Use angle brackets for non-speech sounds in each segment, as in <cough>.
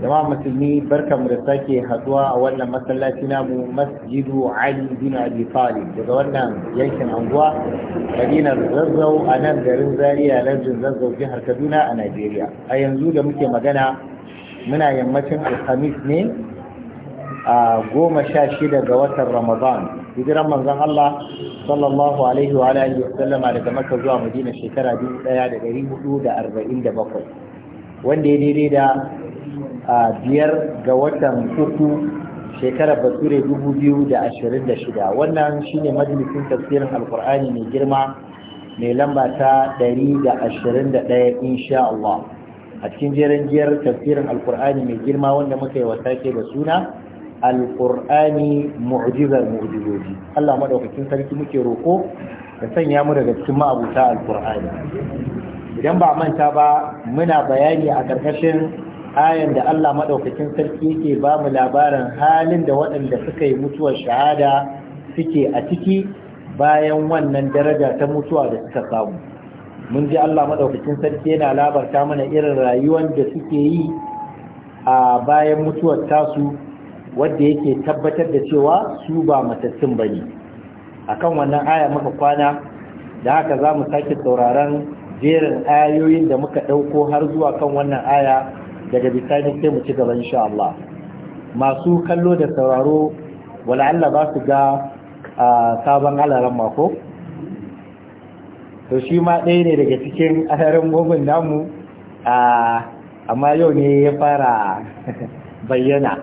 jama'a musulmi mu da sake haduwa a wannan masallaci namu masjidu ali bin abi talib daga wannan yankin anguwa madina zazzau a nan garin zaria lardin zazzau jihar kaduna a najeriya a yanzu da muke magana muna yammacin alhamis ne a goma sha shida ga watan ramadan hijiran manzon allah sallallahu alaihi wa alihi wa sallama daga maka zuwa madina shekara dubu ɗaya da ɗari hudu da arba'in da bakwai wanda ya daidai da a biyar ga watan uku shekarar bature dubu biyu da ashirin da shida wannan shine majalisin tafsirin alkur'ani mai girma mai lamba ta ɗari da ashirin da ɗaya insha Allah a cikin jerin jiyar tafsirin alkur'ani mai girma wanda muka yi wata ke da suna alkur'ani mu'jizar mu'jizoji Allah madaukakin sarki muke roko da sanya mu daga cikin ma'abuta alkur'ani idan ba manta ba muna bayani a ƙarƙashin ayan da Allah maɗaukakin sarki yake ba mu labarin halin da waɗanda suka yi mutuwar shahada suke a ciki bayan wannan daraja ta mutuwa da suka samu mun ji Allah maɗaukakin sarki yana labarta mana irin rayuwar da suke yi a bayan mutuwar tasu wadda yake tabbatar da cewa su ba matattun ba ne a wannan aya muka kwana da haka za mu sake sauraron jerin ayoyin da muka ɗauko har zuwa kan wannan aya daga bisani sai mu ci gaba insha Allah masu kallo da sauraro wala Allah ba su ga sabon alaran mako to shi ma ɗaya ne daga cikin <laughs> alaran gomin namu amma yau ne ya fara <laughs> bayyana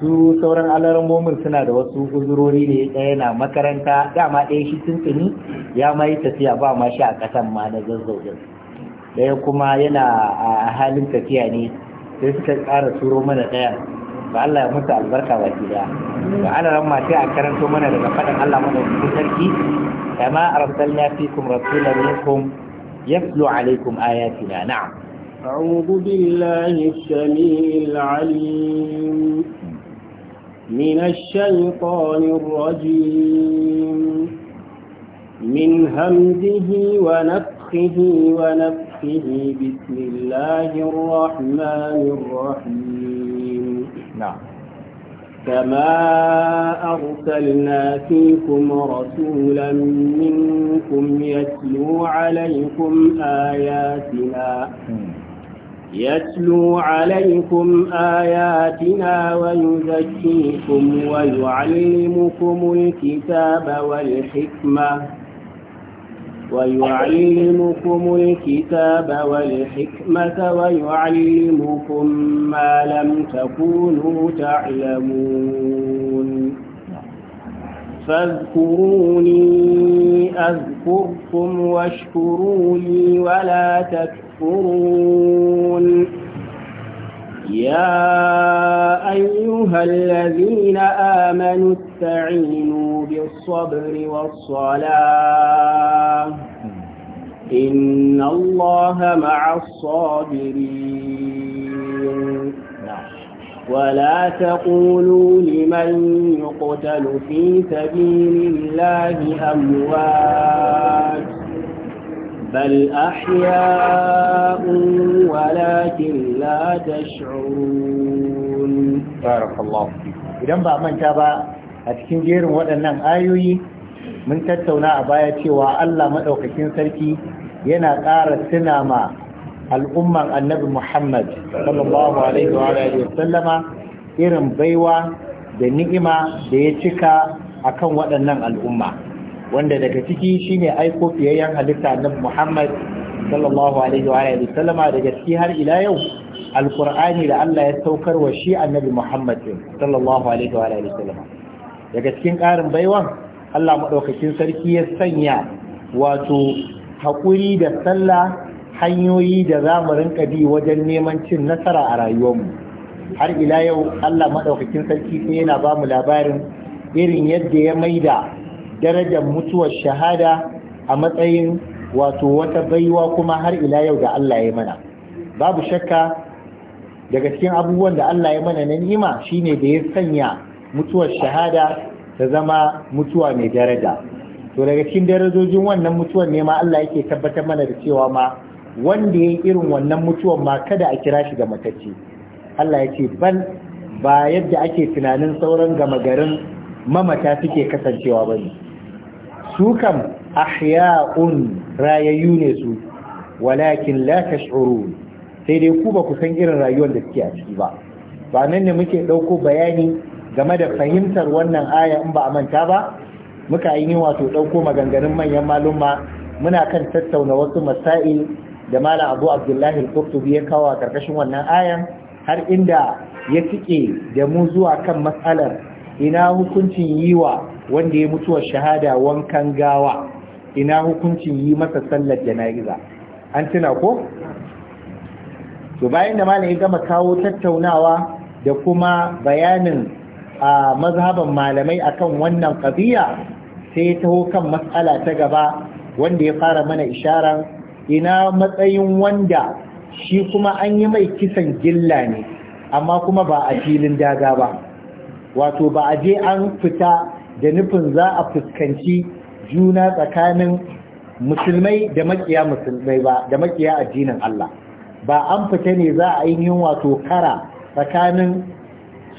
su sauran alaran gomin suna da wasu guzurori ne ɗaya na makaranta dama ɗaya shi tuntuni ya ma yi tafiya ba ma shi a ƙasan ma na zazzaujin ɗaya kuma yana a halin tafiya ne sai suka ƙara turo mana ɗaya ba Allah ya musu albarka ba ke da ba ala ramma sai a karanto mana daga faɗin Allah mana cikin sarki kama arsalna fikum rasulan minkum yatlu alaikum ayatina na'am أعوذ بالله السميع العليم من الشيطان الرجيم من همزه ونفخه ونفخه وحده بسم الله الرحمن الرحيم نعم كما أرسلنا فيكم رسولا منكم يتلو عليكم آياتنا يتلو عليكم آياتنا ويزكيكم ويعلمكم الكتاب والحكمة ويعلمكم الكتاب والحكمة ويعلمكم ما لم تكونوا تعلمون فاذكروني أذكركم واشكروني ولا تكفرون يا أيها الذين آمنوا استعينوا بالصبر والصلاة إن الله مع الصابرين ولا تقولوا لمن يقتل في سبيل الله أموات بل أحياء ولكن لا تشعرون بارك الله فيك idan ba manta ba a cikin jerin waɗannan ayoyi mun tattauna a baya cewa Allah madaukakin sarki yana ƙara tuna ma al'umman annabi Muhammad sallallahu alaihi wa sallama irin baiwa da ni'ima da ya cika akan waɗannan al'umma wanda daga ciki shine aiko fiyayyen halitta annabi Muhammad sallallahu alaihi wa alihi sallama da gaske har ila yau alqur'ani da Allah ya saukar wa shi annabi Muhammad sallallahu alaihi wa alihi sallama daga cikin karin baiwan Allah madaukakin sarki ya sanya wato hakuri da sallah hanyoyi da za mu rinka bi wajen neman cin nasara a rayuwarmu har ila yau Allah madaukakin sarki sai yana ba mu labarin irin yadda ya maida darajar mutuwar shahada a matsayin wato wata baiwa kuma har ila yau da Allah ya mana babu shakka daga cikin abubuwan da Allah ya mana na ni'ima shine da ya sanya mutuwar shahada ta zama mutuwa mai daraja to daga cikin darajojin wannan mutuwar ne ma Allah yake tabbatar mana da cewa ma wanda ya irin wannan mutuwar ma kada a kira shi ga matacce Allah ya ce ban ba yadda ake tunanin sauran gama garin mamata suke kasancewa ba ne su kam ahya'un rayayyu ne su walakin la tash'urun sai dai ku ba ku san irin rayuwar da suke a ciki ba ba nan ne muke ɗauko bayani game da fahimtar wannan aya in ba a manta ba muka yi wato ɗauko maganganun manyan malumma muna kan tattauna wasu masail da malam abu abdullahi al ya kawo karkashin wannan ayan har inda ya tike da mu zuwa kan matsalar ina hukuncin yiwa wanda ya mutuwar shahada wankan gawa ina hukuncin yi masa sallar jana'iza an tuna ko to bayan da malamin ya gama kawo tattaunawa da kuma bayanin a mazhaban malamai akan wannan qadiya sai ya taho kan matsala ta gaba wanda ya fara mana isharar ina matsayin wanda shi kuma an yi mai kisan gilla ne amma kuma ba a filin daga ba wato ba a je an fita da nufin za a fuskanci juna tsakanin musulmai da makiya musulmai ba da makiya addinin Allah ba an fita ne za a yi to kara tsakanin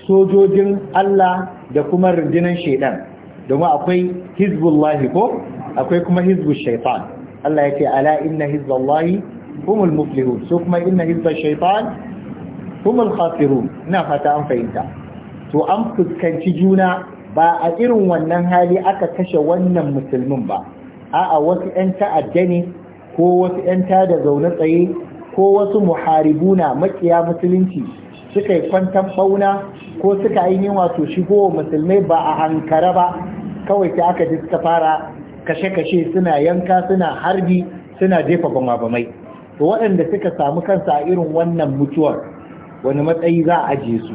sojojin Allah da kuma rundunar shaidan domin akwai hizbullahi ko akwai kuma hizbul shaitan Allah ya ce ala inna hizballahi humul muflihun so kuma inna hizbul shaitan humul khasirun ina fata an fahimta to an fuskanci juna ba a irin wannan hali aka kashe wannan musulmin ba a'a wasu 'yan ta'adda ne ko wasu 'yan tada zaune tsaye ko wasu muharibuna makiya musulunci suka yi kwantan fauna ko suka ainihin wato shigo musulmai ba a hankara ba kawai sai aka ji suka fara kashe-kashe suna yanka suna harbi suna jefa bama-bamai to waɗanda suka samu kansa a irin wannan mutuwar wani matsayi za a ajiye su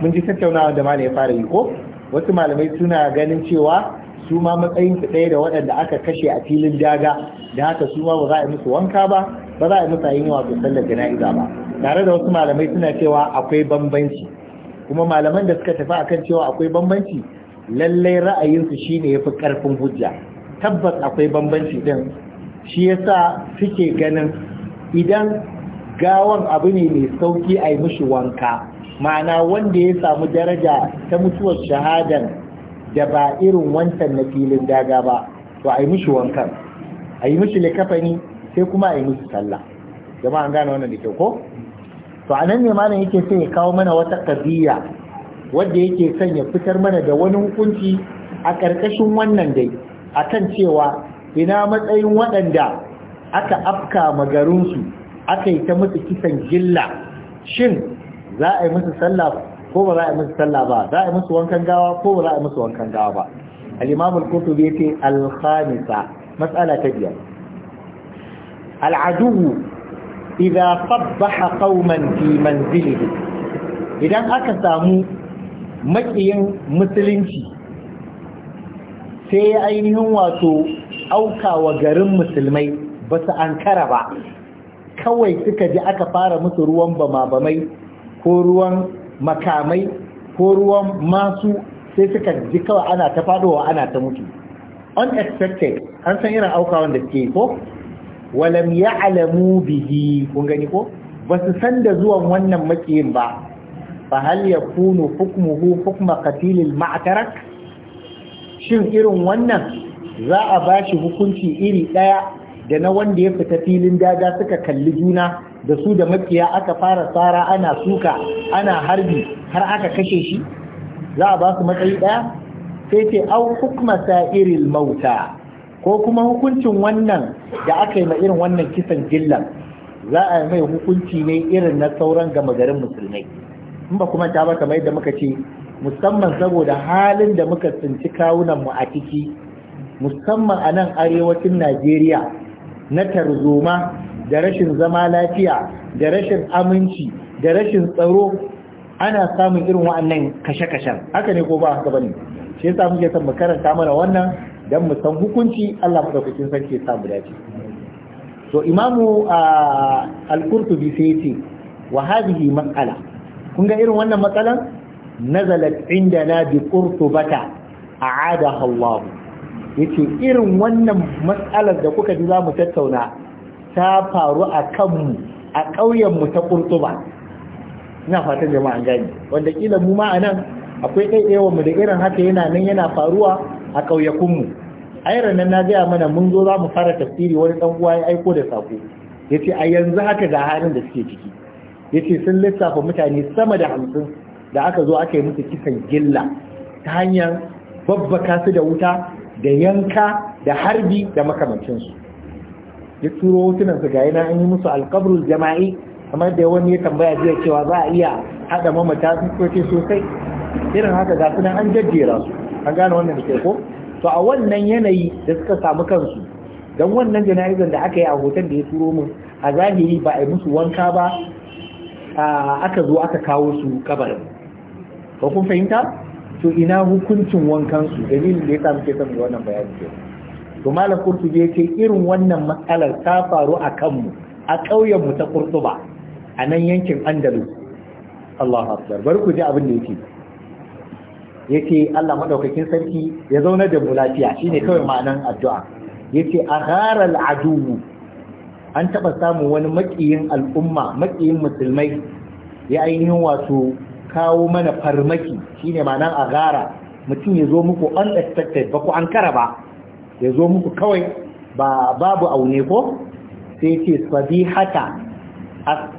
mun ji tattaunawa da malam ya fara yi ko wasu malamai suna ganin cewa su ma matsayin su ɗaya da waɗanda aka kashe a filin daga da haka su ma ba za a yi musu wanka ba ba za a yi musu yin wato sallar jana'iza ba tare da wasu malamai suna cewa akwai bambanci kuma malaman da suka tafi akan cewa akwai bambanci lallai ra'ayinsu shine yafi karfin hujja tabbas akwai bambanci din shi yasa suke ganin idan gawan abu ne mai sauki a yi mishi wanka ma'ana wanda ya samu daraja ta mutuwar shahadan da ba irin wancan na filin daga ba to a yi mishi wankan a yi mishi likafani sai kuma a yi mishi sallah an gane wannan da kyau ko to anan ne malam yake sai ya kawo mana wata kabiya wanda yake son ya fitar mana da wani hukunci a ƙarƙashin wannan dai akan cewa ina matsayin waɗanda aka afka magarinsu aka yi ta mutu kisan gilla shin za a yi musu sallah ko ba za a yi musu sallah ba za a yi musu wankan gawa ko ba za a yi musu wankan gawa ba al-imam al-qurtubi yace al-khamisa mas'ala ta biyar al-aduwu idza qabbaha qauman fi manzilihi idan aka samu makiyin musulunci sai ya ainihin wato auka wa garin musulmai ba su ankara ba kawai suka ji aka fara musu ruwan bama-bamai ko ruwan makamai ko ruwan masu sai suka ji kawai ana ta faɗowa ana ta mutu unexpected an san irin aukawan da suke ko walam ya'lamu bihi kun gani ko ba su san da zuwan wannan makiyin ba fa hal yakunu hukmuhu hukma qatilil ma'tarak shin irin wannan za a bashi hukunci iri daya da na wanda ya fita filin daga suka kalli juna da su da makiya aka fara tsara ana suka ana harbi har aka kashe shi za a ba su matsayi ɗaya sai ce au hukma sa'iril mauta ko kuma hukuncin wannan da aka yi ma irin wannan kisan gillan za a yi mai hukunci ne irin na sauran gama garin musulmai in ba kuma ta ba kamar yadda muka ce musamman saboda halin da muka tsinci kawunan mu a ciki musamman a nan arewacin najeriya na tarzoma da rashin zama lafiya da rashin aminci da rashin tsaro ana samun irin wa'annan kashe-kashen haka ne ko ba haka bane shi yasa muke son mu karanta mana wannan dan mu san hukunci Allah madaukakin sarki ya mu dace to imamu al-qurtubi sai yace wa hadhihi mas'ala kun ga irin wannan matsalan nazalat indana bi qurtubata a'adaha Allah yace irin wannan matsalar da kuka ji za mu tattauna ta faru a kanmu a ƙauyenmu ta ƙurtuba ina fatan jama'a gani wanda kila mu ma a nan akwai mu da irin haka yana nan yana faruwa a ƙauyakunmu ai nan na gaya mana mun zo za mu fara tafsiri wani ɗan uwa ya aiko da sako ya ce a yanzu haka ga halin da suke ciki ya ce sun lissafa mutane sama da hamsin da aka zo aka yi musu kisan gilla ta hanyar babbaka su da wuta da yanka da harbi da makamancinsu ya turo hotunansa ga yana an yi musu alkabrul jama'i kamar da wani ya tambaya jiya cewa za a iya haɗa mamata sun sosai irin haka ga sunan an jajjera su an gane wannan da ke ko to a wannan yanayi da suka samu kansu don wannan jana'izan da aka yi a hoton da ya turo min a zahiri ba a yi musu wanka ba aka zo aka kawo su kabarin ba kun fahimta to ina hukuncin wankansu dalilin da ya sa muke son wannan bayani ke to malam kurtubi ya ce irin wannan matsalar ta faru a kanmu a ƙauyenmu ta kurtuba a nan yankin andalus Allah akbar bari ku ji abin da Ya ce Allah maɗaukakin sarki ya zauna da mu lafiya shine kawai ma'anan addu'a yace aghara al'adu an taɓa samun wani maƙiyin al'umma maƙiyin musulmai ya ainihin wato kawo mana farmaki shine ma'anan aghara mutum ya zo muku unexpected ba ku an kara ba ya zo muku kawai ba babu aune ko sai ce sabihata as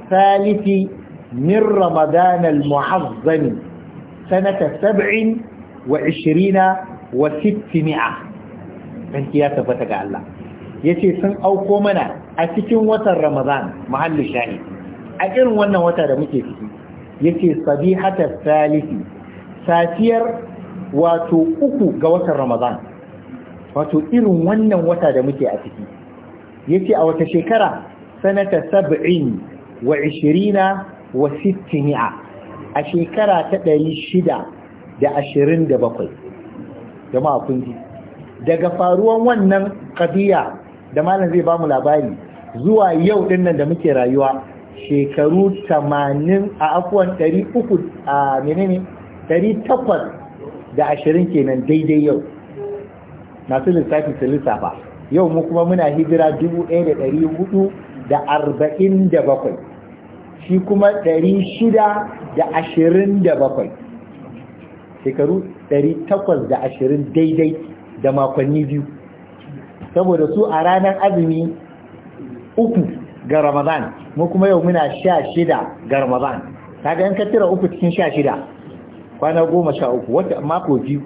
min ramadan al-muhazzam sanata 27 wa 600 danki ya tabbata ga Allah yace sun auko mana a cikin watan ramadan mahallu shahid a irin wannan wata da muke ciki yace sabihata as safiyar wato uku ga watan ramadan wato irin wannan wata da muke a ciki yace a wata shekara sanata 70 a shekara ta 627 jama'a kun ji daga faruwan wannan kadiya da malam zai bamu labari zuwa yau din nan da muke rayuwa shekaru 80 a afuwan 300 a menene 800 da 20 kenan daidai yau masu lissafi su lissafa yau mu kuma muna hijira dubu ɗaya da ɗari hudu da arba'in da bakwai shi kuma ɗari shida da ashirin da bakwai shekaru ɗari takwas da ashirin daidai da makonni biyu saboda su a ranar azumi uku ga ramadan mu kuma yau muna sha shida ga ramadan ta ga ka kattira uku cikin sha shida kwana goma sha uku wata mako biyu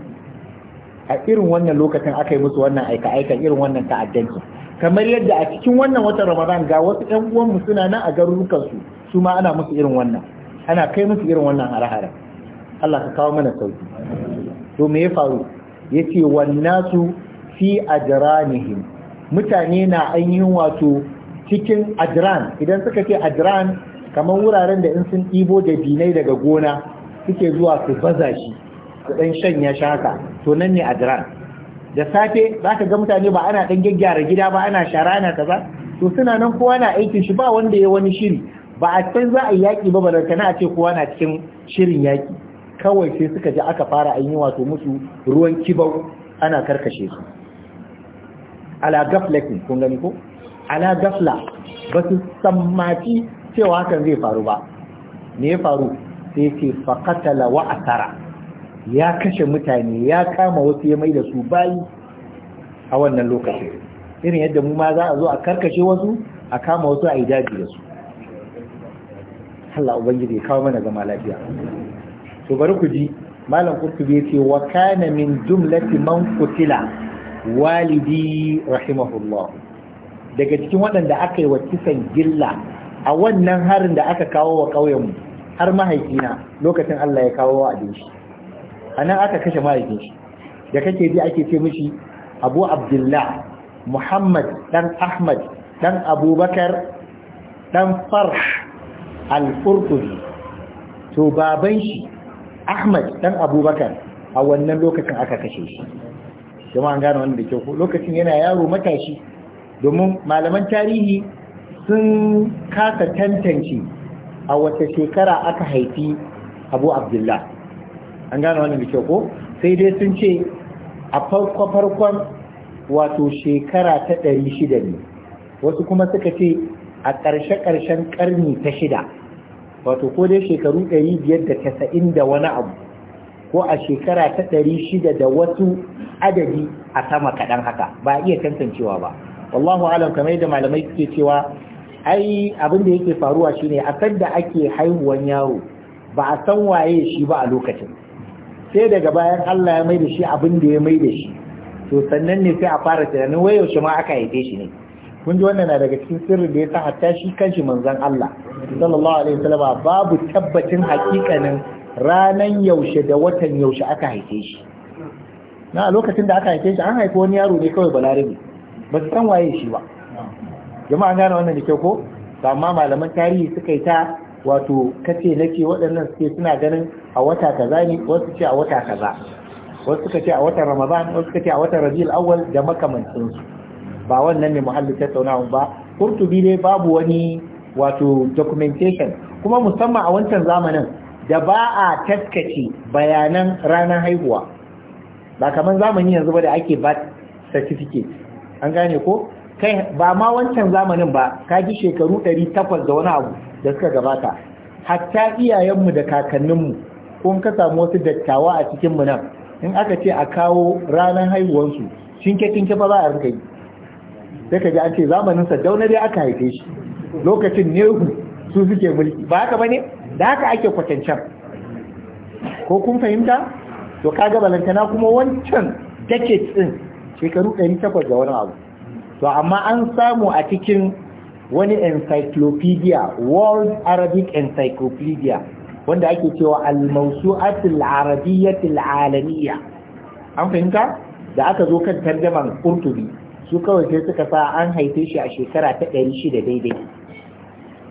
a irin wannan lokacin aka yi musu wannan aika aika irin wannan ta'addanci kamar yadda a cikin wannan watan ramadan ga wasu ɗan uwanmu suna nan a garurukan su su ma ana musu irin wannan ana kai musu irin wannan harahara Allah ka kawo mana sauki to me ya faru yace wannasu fi ajranihim mutane na ainihin wato cikin ajran idan suka ce ajran kamar wuraren da in sun ibo da dinai daga gona suke zuwa su baza shi su ɗan shanya shaka to nan ne a adran da safe za ka ga mutane ba ana ɗan gyaggyara gida ba ana shara ana kaza to suna nan kowa na aikin shi ba wanda ya wani shiri ba a can za a yi yaƙi ba ba na a ce kowa na cikin shirin yaƙi kawai sai suka ji aka fara an yi wato musu ruwan kibau ana karkashe su ala gaflatin kun gani ko ala gafla ba su sammaci cewa hakan zai faru ba me ya faru sai ce faqatala wa asara ya kashe mutane ya kama wasu ya mai da su bayi a wannan lokaci irin yadda mu ma za a zo a karkashe wasu a kama wasu a idaji da su Allah ubangiji ya kawo mana zama lafiya to bari ku ji malam kurtubi yace wa kana min jumlati man kutila walidi rahimahullah daga cikin waɗanda aka yi wa kisan gilla a wannan harin da aka kawo wa ƙauyenmu har mahaifina lokacin Allah ya kawo wa abin a nan aka kashe mahaifin da kake bi ake ce mishi abu abdullah muhammad dan ahmad dan abubakar dan farh al-furqudi to baban shi ahmad dan abubakar a wannan lokacin aka kashe shi jama'an an gane wannan ke lokacin yana yaro matashi domin malaman tarihi sun kasa tantance a wata shekara aka haifi abu abdullah an gane wannan da kyau ko sai dai sun ce a farko farkon wato shekara ta ɗari shida ne wasu kuma suka ce a ƙarshe ƙarshen ƙarni ta shida wato ko dai shekaru ɗari biyar da casa'in da wani abu ko a shekara ta ɗari shida da wasu adadi a sama kaɗan haka ba a iya tantancewa ba wallahu alam kamar yadda malamai suke cewa ai abin da yake faruwa shine a da ake haihuwan yaro ba a san waye shi ba a lokacin sai daga bayan Allah ya mai da shi abin da ya mai da shi to sannan ne sai a fara tunanin wai yaushe ma aka haife shi ne kun ji wannan na daga cikin sirrin da ya sa hatta shi kanshi manzon Allah sallallahu alaihi wasallam babu tabbacin hakikanin ranan yaushe da watan yaushe aka haife shi na lokacin da aka haife shi an haifi wani yaro ne kawai balarabe ba su san waye shi ba jama'a gane wannan da kyau ko amma malaman tarihi suka yi ta wato kace nake waɗannan suke suna ganin a wata kaza ne wasu ce a wata kaza wasu suka ce a watan ramadan wasu suka ce a watan rabiul awwal da makamancin su ba wannan ne muhalli tattaunawa ba kurtubi ne babu wani wato documentation kuma musamman a wancan zamanin da ba a taskace bayanan ranar haihuwa ba kamar zamani yanzu ba da ake ba certificate an gane ko kai ba ma wancan zamanin ba ka ji shekaru 800 da wani abu da suka gabata hatta iyayenmu da kakanninmu kun ka samu wasu dattawa a cikinmu nan in aka ce a kawo ranar shin ke kin fa za a rika yi sai ka an ce zamanin dauna dai aka haife shi lokacin nehu su suke mulki ba haka bane da haka ake kwatancan ko kun fahimta to kaga na kuma wancan dake tsin shekaru 800 da wani abu to amma an samu a cikin wani encyclopedia world arabic encyclopedia wanda ake cewa al al-arabiyyah al alamiyya an fahimta da aka zo kan tarjaman qurtubi su kawai sai suka sa an haife shi a shekara ta 600 daidai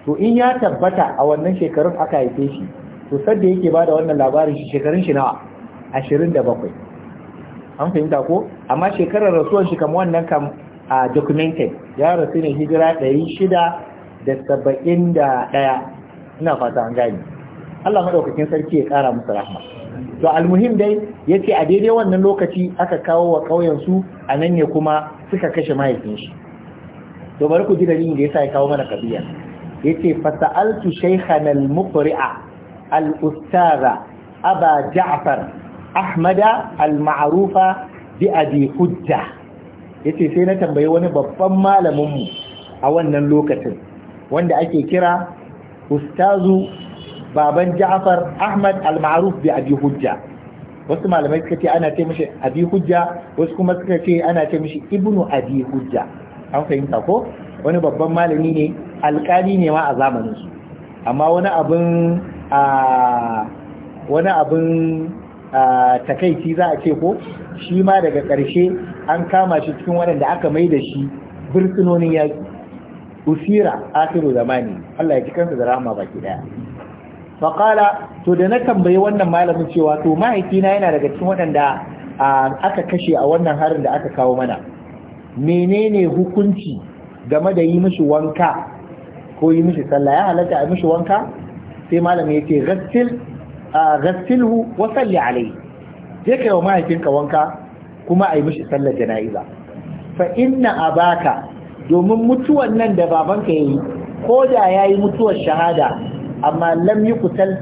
to in ya tabbata a wannan shekarun aka haife shi to sadda yake bada wannan labarin shi shekarun shi nawa 27 an fahimta ko amma shekarar rasuwar shi kamar wannan kam a documented ya rasu ne hijira ɗari shida da saba'in da ɗaya ina fata an gani Allah maɗaukakin sarki ya ƙara musu rahma to almuhim dai ya ce a daidai wannan lokaci aka kawo wa ƙauyensu a nan ne kuma suka kashe mahaifin shi to bari ku ji dalilin da yasa ya kawo mana kabiya yace fasa'altu shaykhana al-muqri'a al-ustaza aba ja'far ahmada al-ma'rufa bi abi hujja Ya ce sai na tambayi wani babban malamin mu a wannan lokacin wanda ake kira ustazu baban Ja'far Ahmad al-Ma'ruf bi Abi Hujja wasu malamai suka ce ana ce mishi Abi Hujja wasu kuma suka ce ana ce mishi Ibnu Abi Hujja an fahimta ko wani babban malami ne alƙali ne ma a zamanin su amma wani abin a wani abin takaici za a ce ko shi ma daga ƙarshe an kama shi cikin waɗanda aka mai da shi birtsinonin ya usira asiru zamani Allah ya ci kansa da rahama baki daya faƙala to da na tambayi wannan malamin cewa to mahaifina yana daga cikin waɗanda aka kashe a wannan harin da aka kawo mana menene hukunci game da yi mishi wanka ko yi mishi sallah ya halatta a mishi wanka sai malamin ya ce gassil a gassilhu wa salli jeka je kai wa mahaifinka wanka kuma a yi mishi sallar jana'iza fa inna abaka domin mutuwan nan da babanka yayi ko da yayi mutuwar shahada amma lam yuqtal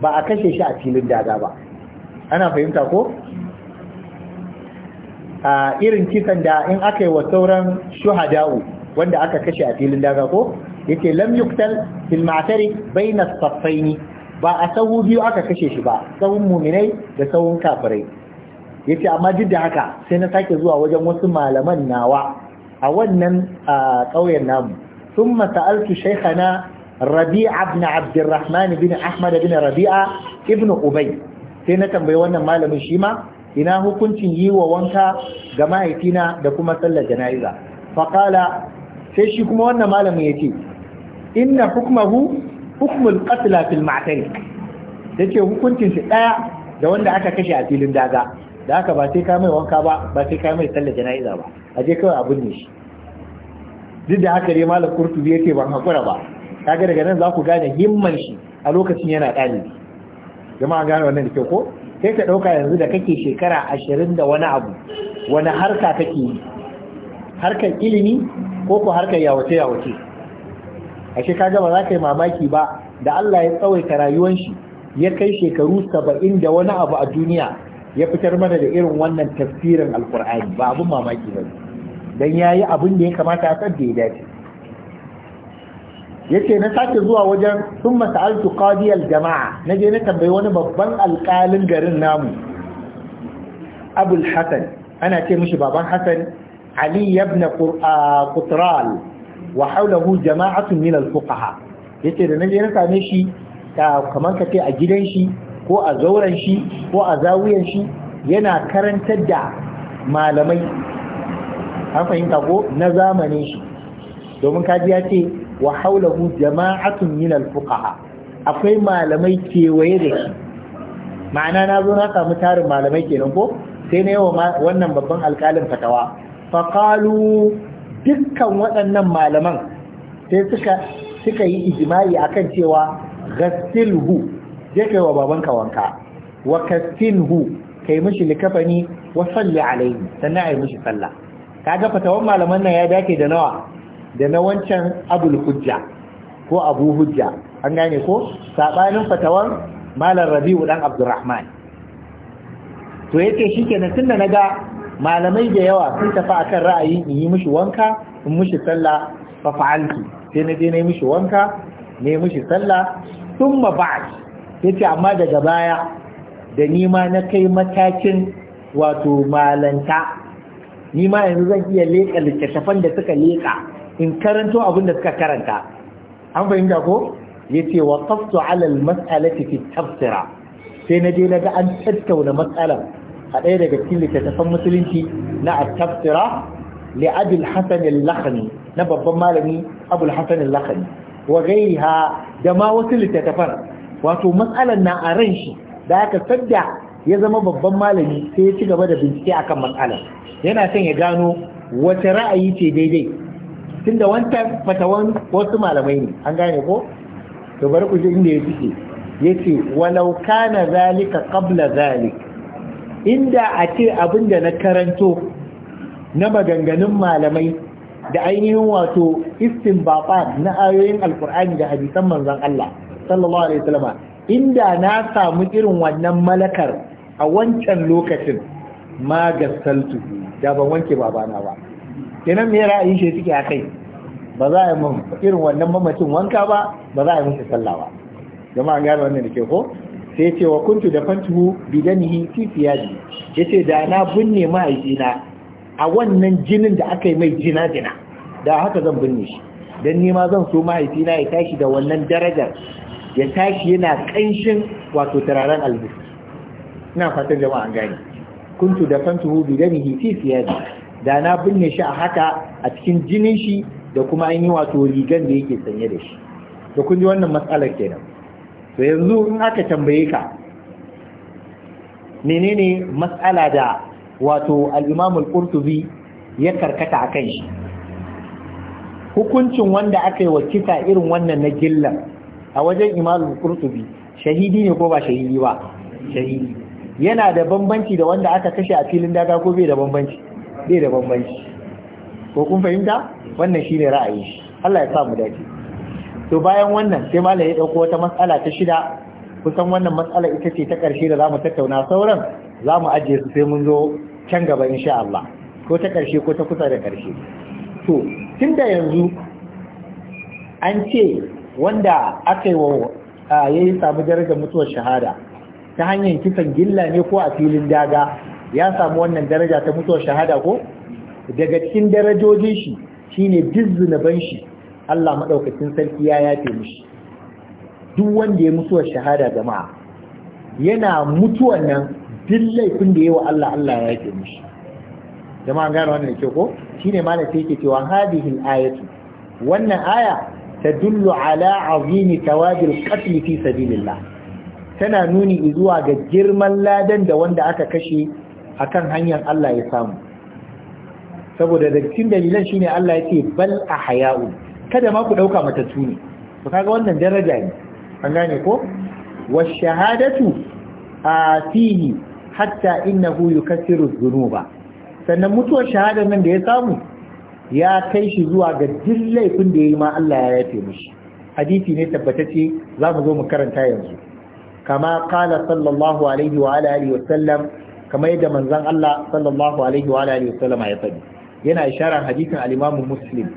ba a kashe shi a filin daga ba ana fahimta ko irin kisan da in aka yi wa sauran shuhada'u wanda aka kashe a filin daga ko yace lam yuqtal fil ma'tarik bayna as ba a sahu biyu aka kashe shi ba tsawon muminai da tsawon kafurai. ya ce amma duk da haka sai na sake zuwa wajen wasu malaman nawa a wannan a ƙauyen namu sun masa'altu shaikana rabi'a bin abdurrahman bin ahmad bin rabi'a ibn ubay sai na tambayi wannan malamin shi ma ina hukuncin yi wa wanka ga mahaifina da kuma sallar jana'iza faƙala sai shi kuma wannan mallamin ya ce inna hukmahu hukmul qatla fil ma'tari yace hukuncin shi daya da wanda aka kashe a filin daga da haka ba sai ka mai wanka ba ba sai ka mai sallar jana'iza ba a je kawai abin ne shi duk da haka dai malam kurtubi yace ban hakura ba kaga daga nan za ku gane himman shi a lokacin yana dalibi. jama'a gane wannan da kyau ko Kai ka ɗauka yanzu da kake shekara ashirin da wani abu wani harka kake yi harkar ilimi ko ko harkar yawace yawace ashe kaga ba za ka yi mamaki ba da Allah ya tsawaita rayuwar shi ya kai shekaru saba'in da wani abu a duniya ya fitar mana da irin wannan tafsirin alkur'ani ba abun mamaki ba dan ya yi abin da ya kamata a sadda ya dace ya ce na sake zuwa wajen sun masa'altu qadiyal jama'a na je na tambayi wani babban alƙalin garin namu abul hasan ana ce mishi baban hasan ali ibn qutral wa haulahu jama'atun min al-fuqaha yace da naje na same shi kamar ka ce a gidan shi ko a zauren shi ko a zawiyan shi yana karantar da malamai an fahimta ko na zamanin shi domin kaji ya ce wa haulahu jama'atun min al-fuqaha akwai malamai kewaye da shi ma'ana na zo na samu tarin malamai kenan ko sai na yawa wannan babban alƙalin fatawa faƙalu. dukkan waɗannan malaman sai suka suka yi ijimai akan cewa ghassilhu je kai wa babanka wanka wa kastinhu kai mishi likafani wa salli alaihi sannan ai mishi sallah kaga fatawan malaman nan ya dace da nawa da na wancan abul hujja ko abu hujja an gane ko sabanin fatawan malam rabi'u dan abdurrahman to yake shikenan tunda ga. malamai da yawa sun tafi akan ra'ayi in yi mishi wanka in mishi sallah fa fa'altu sai na je na yi mishi wanka yi mishi sallah thumma Ya ce amma daga baya da ni ma na kai matakin wato malanta ni ma yanzu zan iya leƙa littattafan da suka leƙa in karanto abin da suka karanta an fahimta ko ce wa qaftu ala al fi tafsira sai na je na ga an tattauna matsalar a ɗaya daga cikin littattafan musulunci na Attafsira, li abul hasan al-lakhmi na babban malami abul hasan al-lakhmi wa da ma wasu littattafan wato matsalan na a ran shi da aka sadda ya zama babban malami sai ya ci gaba da bincike akan matsalan yana son ya gano wace ra'ayi ce daidai tunda wancan fatawan wasu malamai ne an gane ko to bari ku ji inda ya fice yace walau kana zalika qabla zalika inda a ce abin da na karanto na maganganun malamai da ainihin wato istin bafa na ayoyin alkur'ani da hadisan Manzan Allah sallallahu alaihi wasallama inda na samu irin wannan malakar a wancan lokacin ma gasaltu da ban wanke babana ba kenan me ra'ayin shi suke kai, ba za a yi irin wannan mamacin wanka ba ba za a yi musu sallah ba jama'a gane wannan da ke ko sai ya ce wa kuntu da fantuhu bidanihi fi fiyadi ya ce da na binne mahaifina a wannan jinin da aka yi mai jina jina da haka zan binne shi don nima zan so mahaifina ya tashi da wannan darajar ya tashi yana ƙanshin wato turaren albu ina fatan jama'a an gane kuntu da fantuhu bidanihi fi fiyadi da na binne shi a haka a cikin jinin shi da kuma an yi wato rigan da yake sanye da shi da kun ji wannan matsalar kenan to yanzu in aka tambaye ka menene matsala da wato al-Imam al-Qurtubi ya karkata akan shi hukuncin wanda aka yi wa kisa irin wannan na gillan a wajen Imam al-Qurtubi shahidi ne ko ba shahidi ba shahidi yana da bambanci da wanda aka kashe a filin daga ko bai da bambanci bai da bambanci ko kun fahimta wannan shine ra'ayi Allah ya sa mu dace to bayan wannan sai malam ya dauko wata matsala ta shida kusan wannan matsala ita ce ta ƙarshe da zamu tattauna sauran zamu ajiye su sai mun zo can gaba insha Allah ko ta ƙarshe ko ta kusa da ƙarshe. to da yanzu an ce wanda aka yi wa yi samu darajar mutuwar shahada ta hanyar kisan gilla ne ko a filin daga ya samu wannan daraja ta mutuwar shahada ko daga cikin darajojin shi shine duk zunuban shi Allah maɗaukacin sarki ya yafe mishi duk wanda ya mutuwar shahada jama'a yana mutuwan nan duk laifin da yawa Allah Allah ya yafe mishi jama'a gane wannan ke ko shine malam sai yake cewa ayatu wannan aya ta dullu ala azimi tawabil qatl fi sabilillah tana nuni zuwa ga girman ladan da wanda aka kashe akan hanyar Allah ya samu saboda da dalilan shine Allah ya ce bal ahya'u kada ma ku ɗauka matattu ne to kaga wannan daraja ne an gane ko wa shahadatu a fihi hatta innahu yukaththiru dhunuba sannan mutuwar shahadar nan da ya samu ya kai shi zuwa ga duk laifin da yayi ma Allah ya yafe mishi hadisi ne tabbatacce za mu zo mu karanta yanzu kama qala sallallahu alaihi wa alihi wa sallam kama yadda manzon Allah sallallahu alaihi wa alihi wa sallama ya faɗi yana isharar hadisin al-Imam Muslim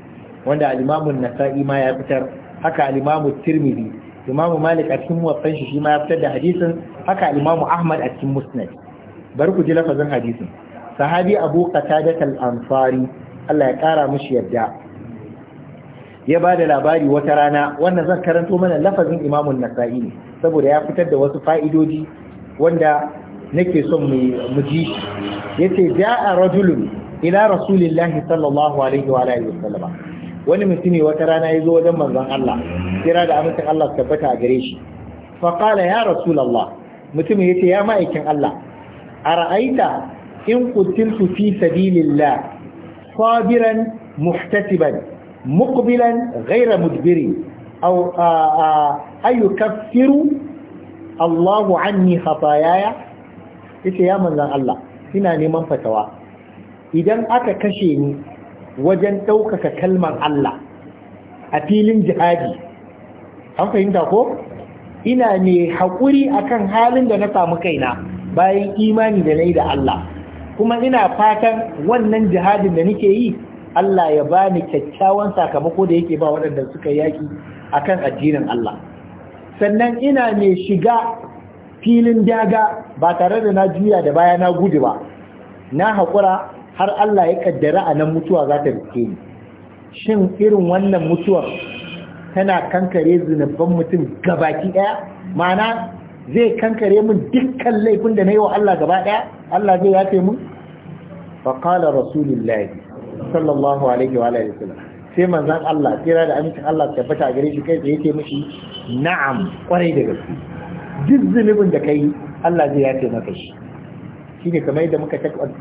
wanda al nasa'i ma ya fitar haka Alimamu tirmidhi imamu malik a cikin muwaffan shi ma ya fitar da hadisin haka Alimamu ahmad a cikin musnad bari ku ji lafazin hadisin sahabi abu qatadat al-ansari Allah ya kara mushi yadda ya ba da labari wata rana wannan zan karanto mana lafazin imamun nasa'i ne saboda ya fitar da wasu fa'idoji wanda nake son mu ji shi yace ja'a rajulun ila rasulillahi sallallahu alaihi wa alihi wasallam wani mutumi wata rana ya zo wajen manzon Allah kira da amincin Allah su tabbata a gare shi fa qala ya rasulullah mutumin yace ya ma'aikin Allah ara'aita in qutiltu fi sabilillah sabiran muhtasiban muqbilan ghayra mudbiri aw ayukaffiru Allahu anni khataayaya yace ya manzon Allah ina neman fatawa idan aka kashe ni wajen ɗaukaka kalmar Allah a filin jihadi an fahimta ko ina ne haƙuri akan halin da na samu kaina bayan imani da na yi da Allah kuma ina fatan wannan jihadin da nake yi Allah ya bani kyakkyawan sakamako da yake ba waɗanda suka yaki akan addinin Allah sannan ina mai shiga filin daga ba tare da na juya da baya na gudu ba na haƙura har Allah ya kaddara a nan mutuwa za ta riske ni shin irin wannan mutuwar tana kankare zunuban mutum gabaki ɗaya? ma'ana zai kankare mun dukkan laifin da na yi wa Allah gaba ɗaya? Allah zai yafe mun faqala rasulullahi sallallahu alaihi wa alihi wasallam sai manzon Allah tsira da amincin Allah tabbata gare shi kai zai yake mishi na'am kwarai da gaske duk zunubin da kai Allah zai yafe maka shi shine kamar yadda muka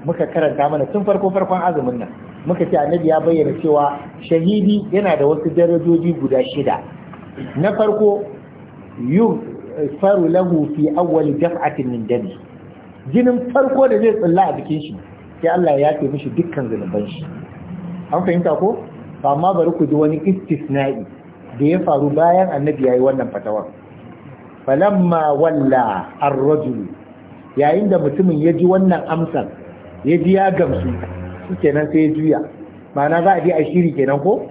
muka karanta mana tun farko farkon azumin nan muka ce annabi ya bayyana cewa shahidi yana da wasu darajoji guda shida na farko faru lahu fi awwal daf'atin min dami jinin farko da zai tsilla a jikin shi sai Allah ya yafe mishi dukkan zunuban shi an fahimta ko amma bari ku ji wani istisna'i da ya faru bayan annabi yayi wannan fatawar falamma walla ar-rajulu yayin da mutumin ya ji wannan amsar ya ji ya gamsu shi kenan sai ya juya ma'ana za a je a shiri kenan ko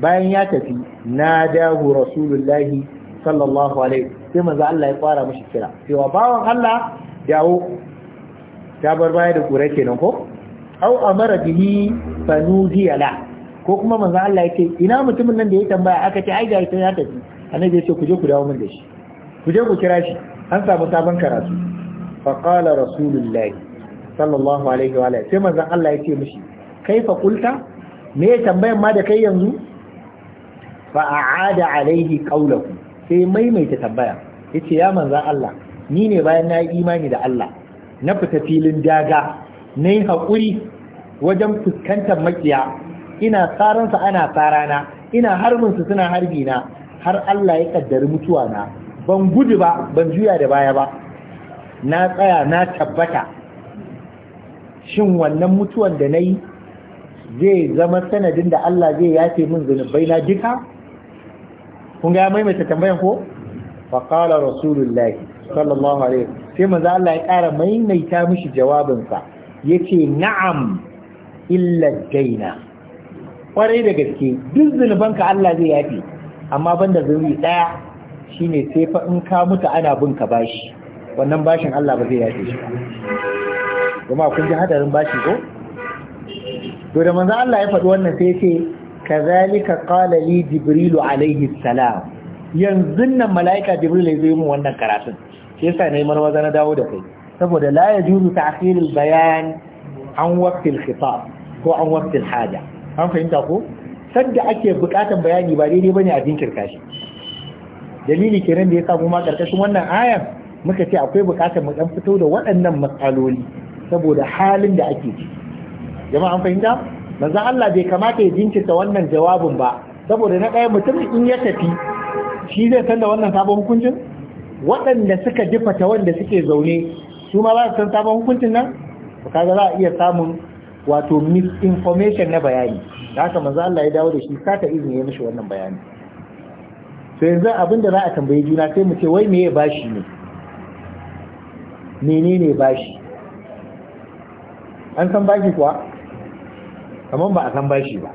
bayan ya tafi na dahu rasulullahi sallallahu alaihi sai manzo Allah ya fara mishi kira cewa bawan Allah dawo ta bar baya da kure kenan ko au amara bihi fanudiya la ko kuma manzo Allah yake ina mutumin nan da ya tambaya aka ce ai ga ita ya tafi annabi ya ce ku je ku dawo min da shi ku je ku kira shi an samu sabon karatu فقال رسول الله صلى الله عليه وآله sai manzon Allah ya ce mishi kaifa qulta me ya tambayan ma da kai yanzu fa a'ada alaihi qawluhu sai maimaita tambaya yace ya manzan Allah ni ne bayan na yi imani da Allah na fita filin daga na yi haƙuri wajen fuskantar makiya ina tsaransa ana tsarana ina su suna harbi na har Allah ya kaddari mutuwa na ban gudu ba ban juya da baya ba na tsaya na tabbata shin wannan mutuwan da na yi zai zama sanadin da Allah zai yafe min zunubai na duka kun ga maimaita tambayan ko fa qala rasulullahi sallallahu alaihi sai maza Allah ya ƙara maimaita mishi jawabinsa yace na'am illa daina kwarai da gaske duk zunubanka Allah zai yafe amma banda zunubi daya shine sai fa in ka mutu ana bin ka bashi wannan bashin Allah ba zai yafe shi kuma kun ji hadarin bashi ko to da manzo Allah ya faɗi wannan sai ce kazalika qala li jibrilu alaihi salam yanzu nan malaika jibril zai yi mu wannan karatun sai yasa nayi marmaza na dawo da kai saboda la yajuzu ta'khir al-bayan an waqti al-khitab ko an waqti al-haja an fahimta ko sanda ake bukatan bayani ba daidai bane a jinkirta shi dalili kenan da ya samu ma karkashin wannan ayan muka ce akwai bukatar mu dan fito da waɗannan matsaloli saboda halin da ake ci. jama'a an fahimta manzo Allah bai kamata ya jinkirta wannan jawabin ba saboda na ɗaya mutum in ya tafi shi zai san da wannan sabon hukuncin waɗanda suka ta wanda suke zaune su ma za su san sabon hukuncin nan kaga za a iya samun wato misinformation na bayani da haka manzo Allah ya dawo da shi sata izini ya mishi wannan bayani Sai yanzu abinda da za a tambayi juna sai mu ce wai meye bashi ne menene bashi an san bashi kuwa kamar ba a san bashi ba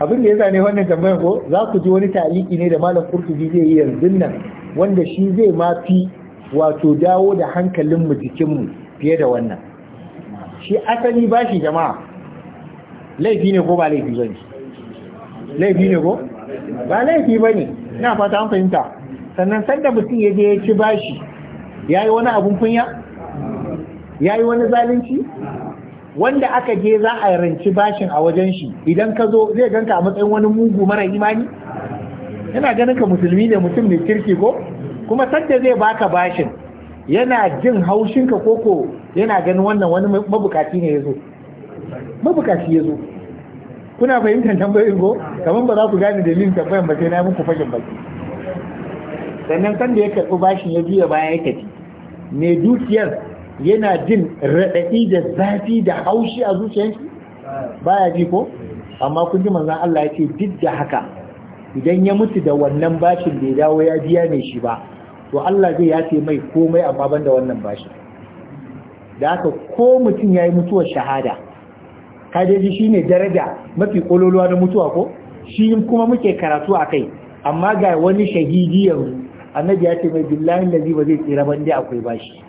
abin da ya zane wannan tambayar ko za ku ji wani taliki ne da malam kurtubi zai yi yanzu nan wanda shi zai ma fi wato dawo da hankalinmu jikinmu fiye da wannan shi asali bashi jama'a laifi ne ko ba laifi ba ne laifi ne ko ba laifi ba ne ina fata an fahimta sannan sanda mutum ya je ya ci bashi ya yi wani abun kunya ya yi wani zalunci wanda aka je za a ranci bashin a wajen shi idan ka zo zai ganka a matsayin wani mugu mara imani yana ganin ka musulmi ne mutum mai kirki ko kuma sanda zai baka bashin yana jin haushinka koko yana ganin wannan wani mabukaci ne ya zo mabukaci ya zo kuna fahimtar tambayoyin ko kamar ba za ku gane dalilin tambayan ba sai na muku fashin baki sannan kan da ya karɓi bashin ya juya baya ya kaci mai dukiyar yana jin raɗaɗi da zafi da haushi a zuciyarki baya ji ko amma kun ji manzon Allah ya ce duk da haka idan ya mutu da wannan bashin bai dawo ya biya ne shi ba to Allah zai yace mai komai amma ban da wannan bashin da haka ko mutum ya yi mutuwar shahada kadeji ne daraja mafi kololuwa na mutuwa ko shi kuma muke karatu a kai amma ga wani shahidi yanzu annabi ya ce mai billahi lazi ba zai tsira ban akwai bashi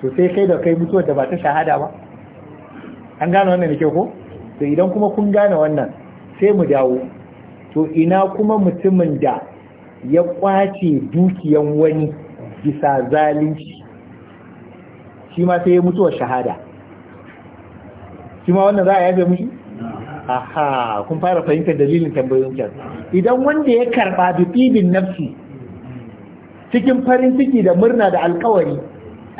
to sai kai da kai mutuwar da ba ta shahada ba an gane wannan da kyau ko to idan kuma kun gane wannan sai mu dawo to ina kuma mutumin da ya kwace dukiyan wani bisa zalunci shi ma sai ya mutuwar shahada shi ma wannan za a yafe mushi aha kun fara fahimtar dalilin tambayoyin can idan wanda ya karba bi tibin nafsi cikin farin ciki da murna da alkawari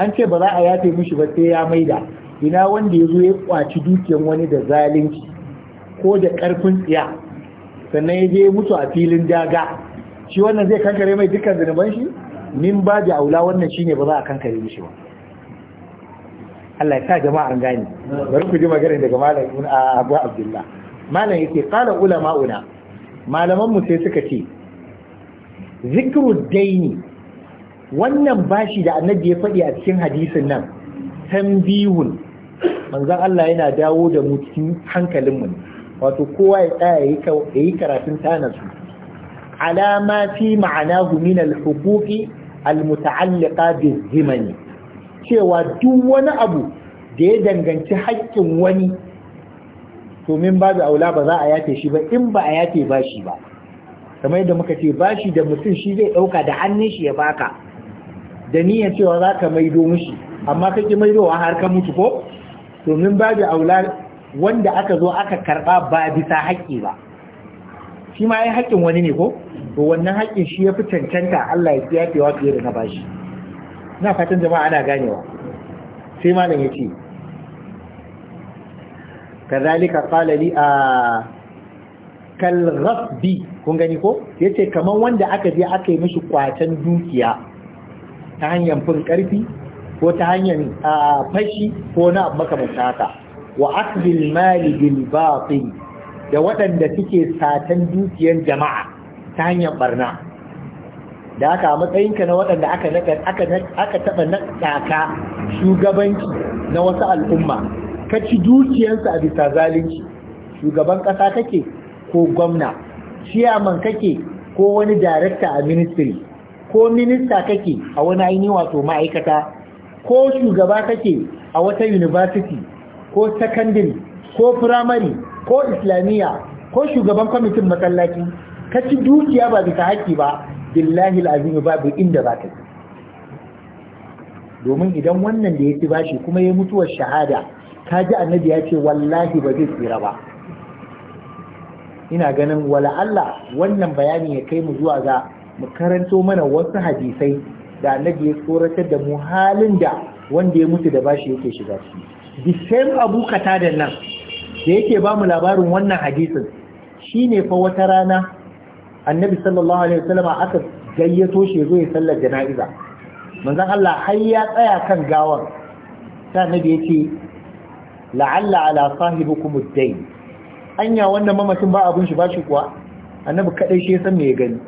an ce ba za a yafe mushi ba sai ya maida ina wanda ya zo ya kwaci dukiyar wani da zalunci ko da karfin tsiya sannan ya je mutu a filin daga shi wannan zai kankare mai dukkan zunuban shi min ba da aula wannan shine ba za a kankare mishi ba Allah ya sa jama'a an gane bari ku ji magana daga malam ibn Abu Abdullah malam yake qala ulama'una malaman mu sai suka ce zikru daini wannan bashi da annabi ya faɗi a cikin hadisin nan tambihun manzon Allah yana dawo da mu cikin hankalin mu wato kowa ya tsaya yayi karatun tana su ma fi ma'anahu min al-huquqi al-muta'alliqa bi-zimani cewa duk wani abu da ya danganci haƙƙin wani to min da aula ba za a yafe shi ba in ba a yafe bashi ba kamar yadda muka ce bashi da mutum shi zai ɗauka da hannun shi ya baka da niyyar cewa za ka maido mushi, amma kake maidowa har ka mutu ko to min da aula wanda aka zo aka karɓa ba bisa haƙƙi ba shi ma ya haƙƙin wani ne ko to wannan haƙƙin shi ya fi cancanta Allah ya wa fiye da na bashi na fatan jama'a ana ganewa sai malam ya ce kazalika qala li a kal ghasbi kun gani ko yace kaman wanda aka je aka yi mishi kwatan dukiya ta hanyar fin karfi ko ta hanyar fashi ko na abaka mutaka wa akhdhil mali bil batil da waɗanda suke satan dukiyar jama'a ta hanyar barna da haka a matsayinka na waɗanda aka aka taɓa na shugabanci na wasu al'umma ka ci dukiyarsu a bisa zalunci shugaban ƙasa kake ko gwamna ciyaman kake ko wani darakta a ministry ko minista kake a wani ainihin wato ma'aikata ko shugaba kake a wata university ko secondary ko primary ko islamiyya ko shugaban kwamitin masallaci ka ci dukiya ba bisa haƙƙi ba billahi al'azimi babu inda za ka domin idan wannan da ya ci bashi kuma ya mutuwar shahada ka ji annabi ya ce wallahi ba zai tsira ba ina ganin wala Allah wannan bayani ya kai mu zuwa ga mu karanto mana wasu hadisai da annabi ya tsoratar da mu halin da wanda ya mutu da bashi yake shiga shi the same abu katadan nan da yake ba mu labarin wannan hadisin shine fa wata rana annabi sallallahu alaihi wasallam aka gayyato shi zo ya sallar jana'iza manzon Allah har ya tsaya kan gawar sai annabi yace la'alla ala sahibukum ad-dayn anya wannan mamacin ba abun shi ba shi kuwa annabi kadai shi ya san me ya gani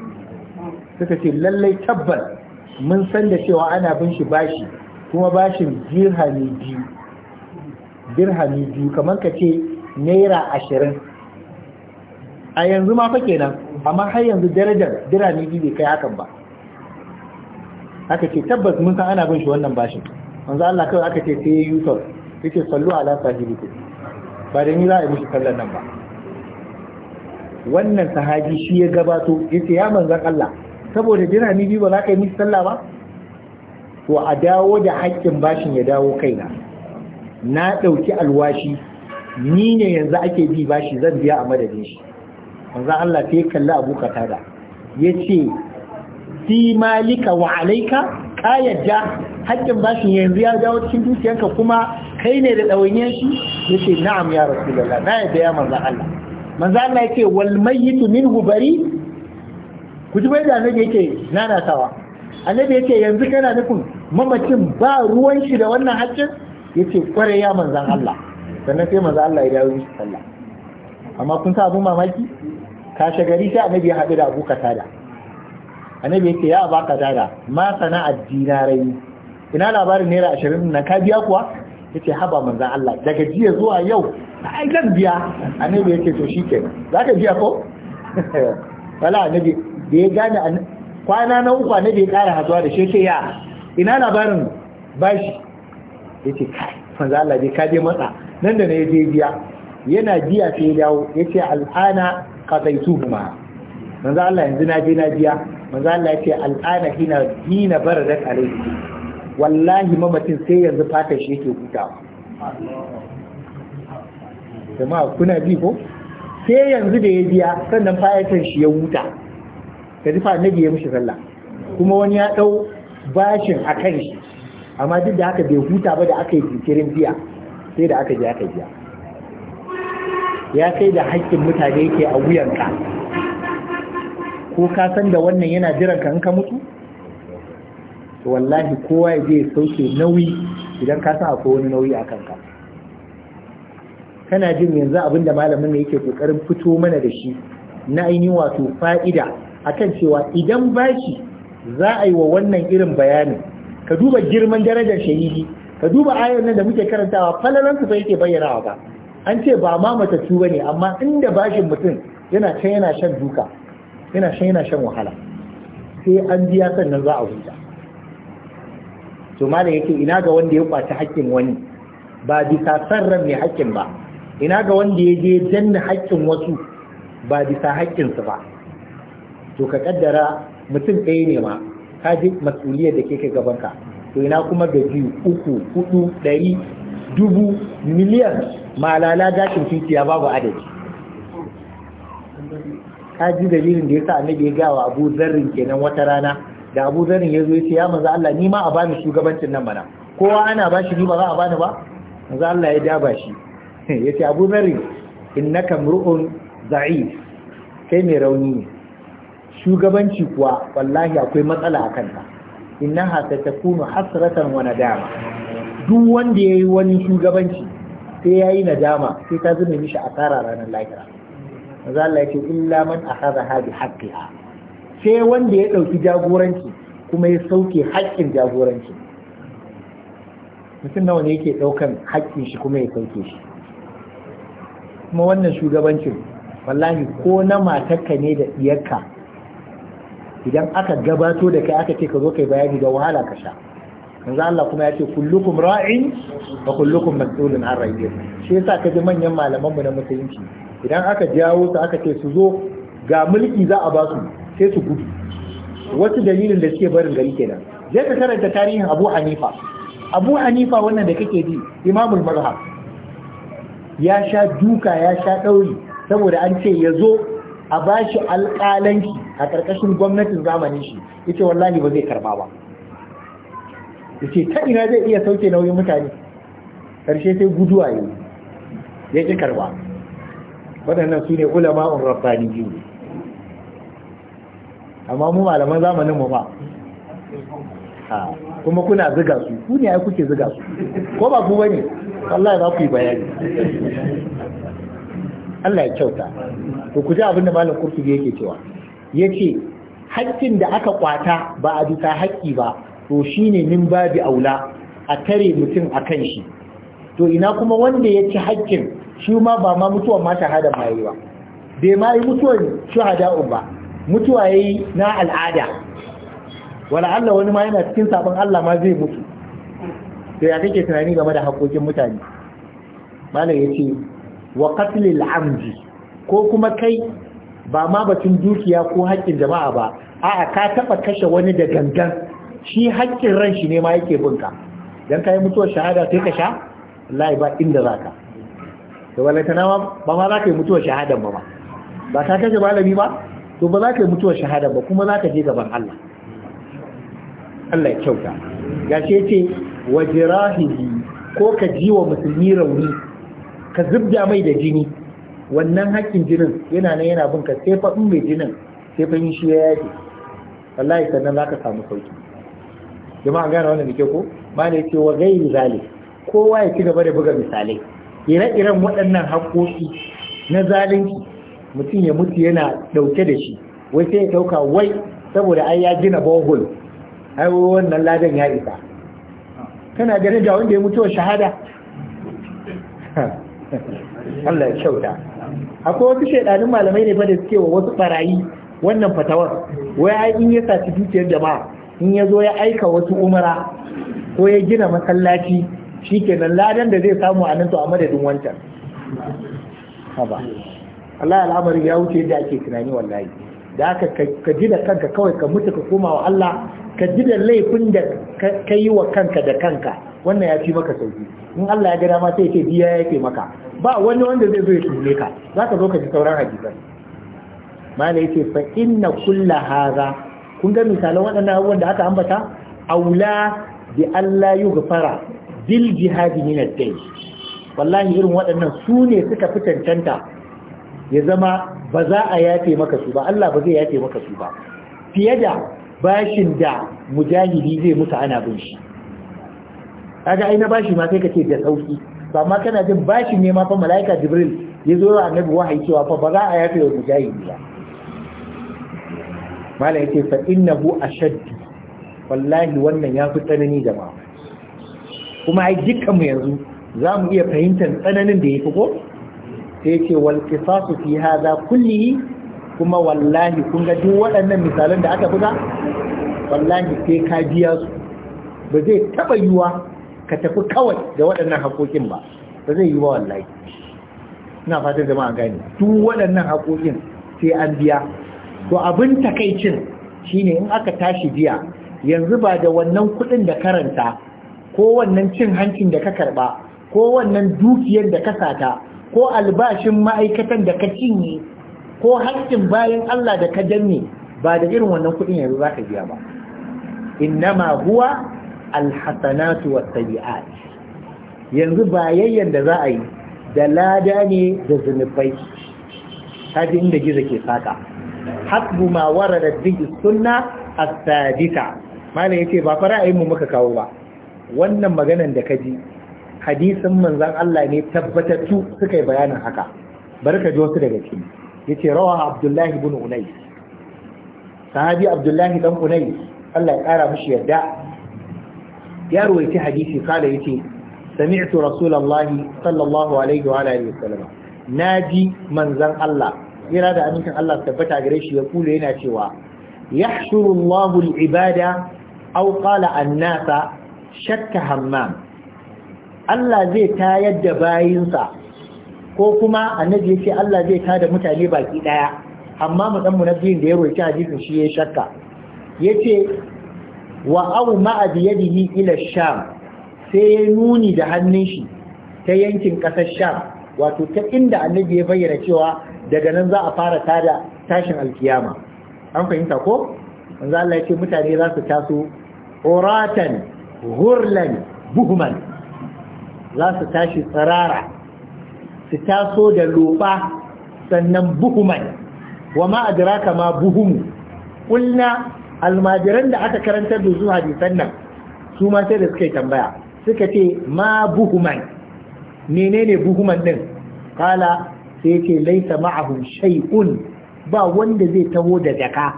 suka ce lallai tabbal mun san da cewa ana bin shi bashi kuma bashin dirhami biyu dirhami biyu kamar ka ce naira ashirin a yanzu ma fa kenan amma har yanzu darajar birane biyu bai kai hakan ba aka ce tabbas mun san ana bin shi wannan bashin wanzu Allah kawai aka ce sai yusuf ce sallu ala sahibiku ba da ni za a yi mishi sallar nan ba wannan sahaji shi ya gabato yace ya manzan Allah saboda dirhami biyu ba za ka yi mishi sallah ba to a dawo da haƙƙin bashin ya dawo kaina na ɗauki alwashi ni ne yanzu ake bi bashi zan biya a madadin shi manzo Allah sai kalli Abu Qatada yace fi malika wa alayka kayadda haƙƙin bashin yanzu ya dawo cikin dukiyarka kuma kai ne da ɗawainiyar shi yace na'am ya rasulullah na yadda ya manzo Allah manzo Allah yace wal mayyitu minhu bari ku ji bai da annabi yake nanatawa annabi yace yanzu kana nufin mamacin ba ruwan shi da wannan haƙƙin yace kware ya manzon Allah sannan sai manzo Allah ya dawo shi sallah amma kun sa abun mamaki kashe gari sai annabi ya haɗu da abu katada annabi yake ya ba katada ma sana'ar dinarai ina labarin naira ashirin na ka biya kuwa ya ce haba manza Allah daga jiya zuwa yau ai zan biya annabi ya ce to shi ke za ka biya ko <laughs> wala annabi da ya gane kwana na uku annabi ya ƙara hazuwa da shi ya ina labarin bashi ya ce kai manza Allah dai ka je matsa nan da na ya je biya yana biya sai ya dawo ya ce al'ana qadaytuhuma manzo Allah yanzu na je na biya manzo Allah ya al'ana hina hina baradat alayhi wallahi mamacin sai yanzu fatan shi yake hutawa jama'a kuna ji ko sai yanzu da ya biya sannan fatan shi ya huta ka ji fa ya mishi sallah kuma wani ya dau bashin akan shi amma duk da haka bai huta ba da aka yi jinkirin biya sai da aka je aka biya ya kai da haƙƙin mutane yake a wuyanka ko ka san da wannan yana jiran ka in ka mutu to wallahi kowa ya je sauke nauyi idan ka san akwai wani nauyi a kanka kana jin yanzu abin da malamin ne yake kokarin fito mana da shi na ainihin wato fa'ida akan cewa idan baki za a yi wa wannan irin bayanin ka duba girman darajar shahidi ka duba ayon nan da muke karantawa falalansu sai yake bayyana ba an ce ba ma matattu ba ne amma inda bashin mutum yana can yana shan duka yana shan yana shan wahala sai an biya sannan za a huta to malam yake ina ga wanda ya kwaci haƙƙin wani ba bisa sarran mai haƙƙin ba ina ga wanda ya je janna haƙƙin wasu ba bisa haƙƙinsu ba to ka kaddara mutum ɗaya ne ma ka ji masuliyar da ke kai gabanka to ina kuma ga biyu uku hudu ɗari dubu miliyan malala gashin titiya babu adadi Ka ji dalilin da ya sa annabi ya gawa Abu Zarrin kenan wata rana da Abu Zarrin ya zo ya ce ya maza Allah ni ma a bani shugabancin nan mana, kowa ana bashi ni ba za a bani ba maza Allah ya daba shi <laughs> Ya ce Abu Zarrin innaka mru'un za'if kai mai rauni ne shugabanci kuwa wallahi akwai matsala a kanta, inna hasa ta satakunu hasratan wani dama. duk wanda ya yi wani shugabanci sai ya yi nadama sai ta zama mishi asara ranar lahira maza Allah ya ce illa man akhadha haɗi haƙƙi a. sai wanda ya ɗauki jagoranci kuma ya sauke haƙƙin jagoranci mutum nawa ne yake ɗaukan haƙƙin shi kuma ya sauke shi kuma wannan shugabancin wallahi ko na matarka ne da ɗiyarka idan aka gabato da kai aka ce ka zo kai bayani da wahala ka sha Yanzu Allah kuma ya ce kullukum ra'in wa kullukum mas'ulun an ra'iyya shi yasa ka ji manyan malaman mu na musulunci idan aka jawo su aka ce su zo ga mulki za a ba su sai su gudu wasu dalilin da suke barin gari kenan je ka karanta tarihin Abu Hanifa Abu Hanifa wannan da kake ji Imamul Mazhab ya sha duka ya sha ɗauri saboda an ce ya zo a bashi alƙalanci a ƙarƙashin gwamnatin zamanin shi ita wallahi ba zai karba ba ya ce ta ina zai iya sauke nauyin mutane ƙarshe sai guduwa ya ya ƙi karba waɗannan su ne ulama'un rabbani biyu amma mu malaman zamanin mu ba kuma kuna ziga su ku ne ai kuke ziga su ko ba ku bane Allah ya ku yi bayani Allah ya kyauta to ku ji abin da malam kurtubi yake cewa yace haƙƙin da aka kwata ba a bisa haƙƙi ba to shi ne min babi aula a tare mutum a kan shi to ina kuma wanda ya ci haƙƙin shi ma ba ma mutuwan ma shahada ma yi ba bai ma yi mutuwan shahada'un ba mutuwa ya yi na al'ada wala Allah wani ma yana cikin sabon Allah ma zai mutu to ya kake tunani game da haƙoƙin mutane malam ya ce wa qatlil amji ko kuma kai ba ma batun dukiya ko haƙƙin jama'a ba a'a ka taɓa kashe wani da gangan shi haƙƙin ran shi ne ma yake bunka ka yi mutuwar shahada sai ka sha wallahi ba inda za to wallahi ta ma ba ma za ka yi mutuwar shahada ba ba ba ka kaje malami ba to ba za ka yi mutuwar shahada ba kuma za ka je gaban Allah Allah ya kyauta gashi yace wajirahihi ko ka ji wa musulmi rauni ka zubda mai da jini wannan haƙƙin jinin yana nan yana bin ka sai fa in mai jinin sai fa in shi ya yake wallahi sannan ka samu sauki jama'a gane wannan ke ko ne ce wa gai zalik kowa ya ci gaba da buga misalai ire-iren waɗannan haƙoƙi na zalunci mutum ya mutu yana ɗauke da shi wai sai ya ɗauka wai saboda ai ya gina bohol ai wannan ladan ya isa kana ganin da wanda ya mutu wa shahada <laughs> Allah ya kyauta akwai wasu shaidanin malamai ne fa da suke wa wasu barayi wannan fatawar wai ai in ya saci dukiyar jama'a in ya zo ya aika wasu umara ko ya gina masallaci shi kenan ladan da zai samu a nan to a madadin wancan haba Allah al'amari ya wuce yadda ake tunani wallahi da aka ka ji da kanka kawai ka mutu ka koma wa Allah ka ji da laifin da ka yi wa kanka da kanka wannan ya fi maka sauki in Allah ya ga dama sai ce biya yake maka ba wani wanda zai zo ya tulle ka za ka zo ka ji sauran hadisan Malam yace fa inna kulla hadha kun ga misalan waɗannan abubuwan da aka ambata aula bi Allah gafara bil jihadi min ad-dayn wallahi irin waɗannan su ne suka fi tantanta ya zama ba za a yafe maka su ba Allah ba zai yafe maka su ba fiye da bashin da mujahidi zai mutu ana bin shi kaga ai na bashi ma sai ka ce da sauki ba ma kana jin bashi ne ma fa malaika jibril ya zo wa annabi wahayi cewa fa ba za a yafe wa mujahidi ba malam faɗin fa innahu shaddi, wallahi wannan ya fi tsanani da ba kuma ai dukkan mu yanzu za mu iya fahimtar tsananin da ya fi ko sai yace wal qisasu fi hadha kullihi kuma wallahi kun ga duk waɗannan misalan da aka buga wallahi sai ka biya su ba zai taɓa yiwa ka tafi kawai da waɗannan haƙoƙin ba ba zai yi wallahi ina fatan jama'a gani duk waɗannan haƙoƙin sai an biya to abin takaicin shine in aka tashi biya yanzu ba da wannan kuɗin da karanta ko wannan cin hancin da ka karba ko wannan dukiyar da ka sata ko albashin ma'aikatan da ka cinye ko haƙƙin bayan Allah da ka danne ba da irin wannan kuɗin yanzu za ka biya ba innama huwa alhasanatu wasayi'at yanzu bayayyan da za a yi da lada ne da zunubai kaji inda gizo ke saka hasbu ma waradat bihi sunna as-sadisa malam yace ba fara ayi mu muka kawo ba wannan maganan da kaji hadisin manzon Allah ne tabbatattu suka yi bayanin haka barka ji wasu daga ciki yace rawa Abdullahi ibn unai sahabi Abdullahi dan unai, Allah ya kara mishi yarda ya ruwaiti hadisi kala yace sami'tu rasulullahi sallallahu alaihi wa alihi wasallam naji manzon Allah yana da amincin Allah tabbata gare shi ya kula yana cewa yahshuru Allahu al-ibada aw qala an-nasa shakka hammam Allah zai tayar da bayinsa ko kuma annabi yace Allah zai tada da mutane baki daya amma mu dan munabbiyin da ya roki hadisin shi ya shakka yace wa aw ma'a bi ila sham sai ya nuni da hannun shi ta yankin kasar sham wato ta inda annabi ya bayyana cewa daga nan za a fara tada tashin alkiyama an fahimta ko manzo Allah ya ce mutane za su taso oratan hurlan buhman za su tashi tsarara su taso da loba sannan buhuman wa ma adraka ma buhumu kulna almajiran da aka karantar da su hadisan nan su ma sai da suka yi tambaya suka ce ma buhuman menene buhuman din kala sai yake laisa ma'ahu shay'un ba wanda zai taho da jaka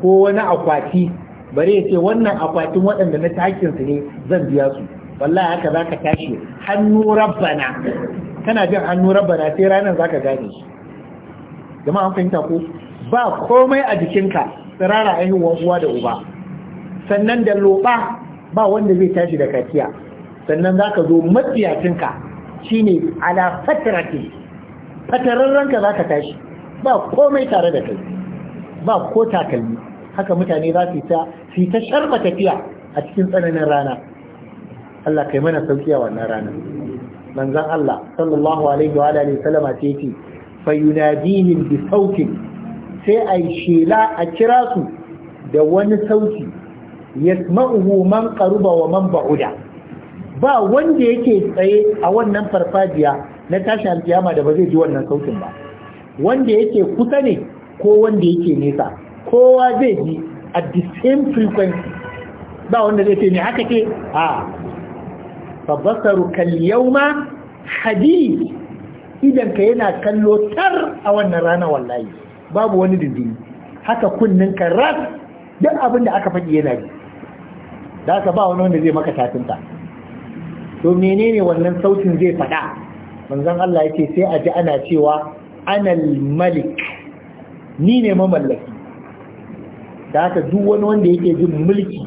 ko wani akwati bare ya ce wannan akwatin waɗanda na takin su ne zan biya su wallahi haka zaka tashi hannu rabbana kana jin hannu rabbana sai ranar zaka gane shi jama'a an fahimta ko ba komai a jikinka tsirara aihuwan uwa da uba sannan da loba ba wanda zai tashi da kaciya sannan zaka zo matsiyacinka shine ala fatrati fatarar ranka zaka tashi ba komai tare da kai ba ko takalmi haka mutane za su ta fi ta sharba tafiya a cikin tsananin rana Allah kai mana sauki a wannan rana manzon Allah sallallahu alaihi wa alihi sallama ce ce fa yunadihim bi sautin sai ai shela a kira su da wani sauti yasma'uhu man qaruba wa man ba'uda ba wanda yake tsaye a wannan farfajiya na tashi alkiyama da ba zai ji wannan sautin ba wanda yake kusa ne ko wanda yake nesa kowa zai ji at the same frequency ba wanda zai ce ne haka ke a babbasaru yauma hadith idan ka yana kallo tar a wannan rana wallahi babu wani dindini haka kunnen ka ras duk abin da aka faɗi yana ji da ka ba wani wanda zai maka tafinta to menene wannan sautin zai faɗa manzon Allah yake sai a ji ana cewa anal malik ni ne mamallaki da haka duk wani wanda yake jin mulki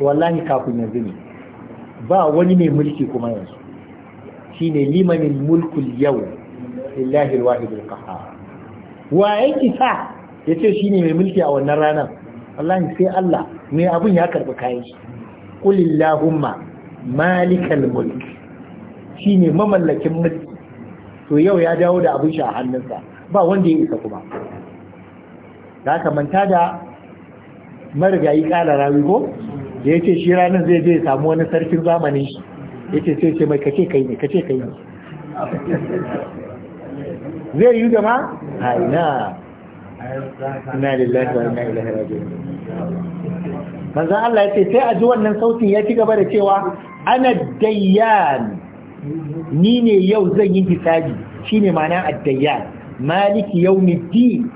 wallahi kafin yanzu ne ba wani mai mulki kuma yanzu shine limanin mulkul yau lillahi alwahidul qahhar wa yake sa yace shine mai mulki a wannan ranar wallahi sai Allah mai abun ya karbi kayan shi qulillahumma malikal mulk shine mamallakin mulki to yau ya dawo da abin shi a hannunsa ba wanda ya isa kuma da aka manta da marigayi kala rawi ko da ya ce shi ranar zai je samu wani sarkin zamanin shi ya ce sai ce mai kace kai ne kace kai ne zai yi gama a ina ina lillahi wa ina ilaihi raji'un manzan Allah ya ce sai a ji wannan sautin ya ci gaba da cewa ana dayyan ni ne yau zan yi hisabi shine ma'ana addayyan maliki yau yawmiddin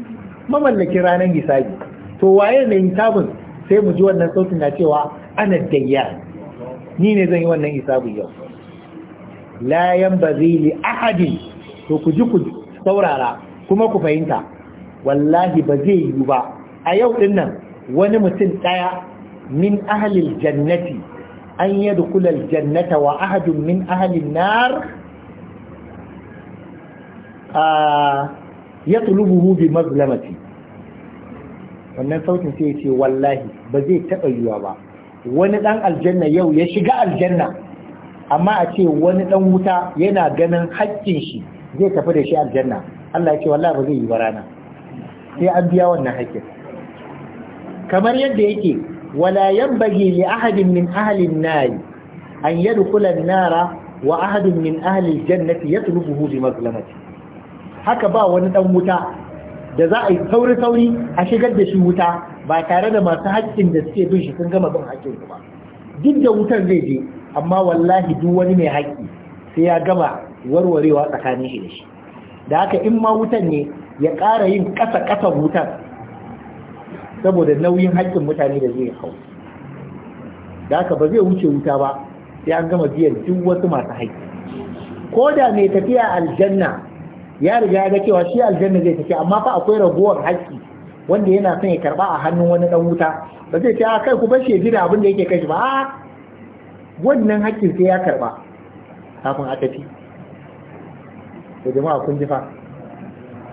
mamallaki ranar hisabi to waye ne hisabin sai mu ji wannan sautin na cewa ana dayyan ni ne zan yi wannan hisabin yau la yanbaghi li ahadin to ku ji ku saurara kuma ku fahimta wallahi ba zai yi ba a yau ɗinnan, wani mutum ɗaya min ahlil jannati an yi dukulal jannata wa ahadun min ahalin nar ya tulubuhu bi mazlamati wannan sautin sai ce wallahi ba zai taɓa yiwa ba wani ɗan aljanna yau ya shiga aljanna amma a ce wani ɗan wuta yana ganin haƙƙin shi zai tafi da shi aljanna Allah ya ce wallahi ba zai yi ba rana sai an biya wannan haƙƙin kamar yadda yake ولا ينبغي لأحد من أهل النار أن يدخل النار وأحد من أهل الجنة يطلبه بمظلمته haka ba wani dan wuta da za a yi sauri-sauri a shigar da shi wuta ba tare da masu haƙƙin da suke bin shi sun gama bin haƙƙin ba duk da wutar zai je amma wallahi duk wani mai haƙƙi sai ya gama warwarewa tsakanin shi da shi da haka in ma wutan ne ya ƙara yin ƙasa ƙasa wutar saboda nauyin haƙƙin mutane da zai hau da haka ba zai wuce wuta ba sai an gama biyan duk wasu masu haƙƙi ko da mai tafiya aljanna ya riga ya ga cewa shi aljanna zai tafi amma fa akwai ragowar haƙƙi wanda yana son ya karba a hannun wani dan wuta ba zai ce a ah, kai ku bashi ya abin da yake kashi ba a wannan haƙƙin sai ya karba kafin a tafi to jama'a kun ji fa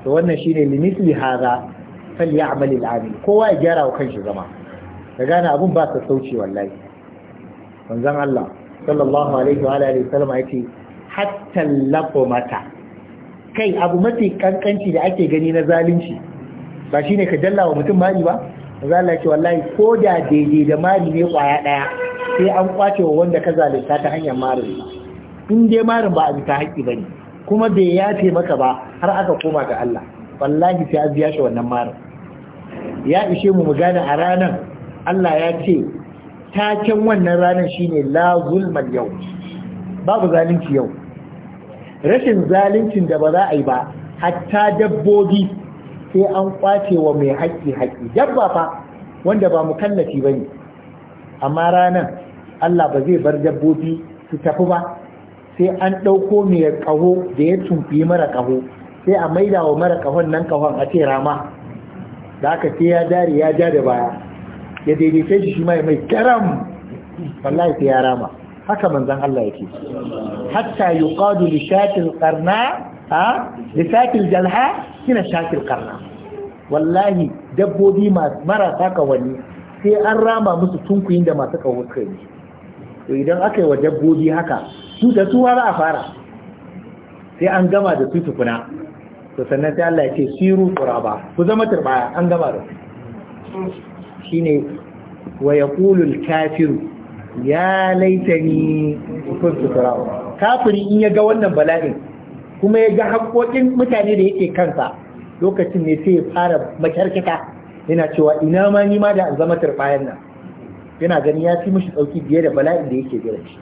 to wannan shine limiti haza fal amali al-amil kowa ya gyara wa kanshi zama ga gane abun ba sa sauce wallahi manzon Allah sallallahu alaihi wa alihi wasallam yace hatta mata kai abu mafi kankanci da ake gani na zalunci ba shine ka dalla wa mutum mari ba manzon Allah wallahi ko da daidai da mari ne kwaya daya sai an kwace wa wanda ka zalunta ta hanyar marin in dai marin ba a ta haƙƙi ne, kuma bai yafe maka ba har aka koma ga Allah wallahi sai an biya shi wannan marin ya ishe mu gane a ranar Allah ya ce taken wannan ranar shine la zulmal yau babu zalunci yau rashin zaluncin da ba za a yi ba hatta dabbobi sai an kwace wa mai haƙƙi haƙƙi dabba fa wanda ba mu kallafi ba ne. amma ranar Allah ba zai bar dabbobi su tafi ba sai an ɗauko mai ƙaho da ya tumfi mara ƙaho sai a maida wa mara ƙahon nan ƙahon a ce rama da aka sai ya dare ya ja da baya ya daidaita shi shi mai mai karam wallahi sai ya rama haka manzon Allah yake hatta yuqadu li shatil qarna ha li shatil jalha kina shatil qarna wallahi dabbobi marasa wani sai an rama musu tunkuyin da masu kawo suka yi to idan aka yi wa dabbobi haka su da su za a fara sai an gama da su tukuna to sannan sai Allah ya ce siru turaba ku zama turbaya an gama da shine wa yaqulu al-kafiru ya laitani kuntu turaba kafiri in ya ga wannan bala'in kuma ya ga haƙoƙin mutane da yake kansa lokacin ne sai ya fara makyarkita yana cewa ina ma ni ma da an zama turbayan nan yana gani ya fi mishi dauki biye da bala'in da yake jira shi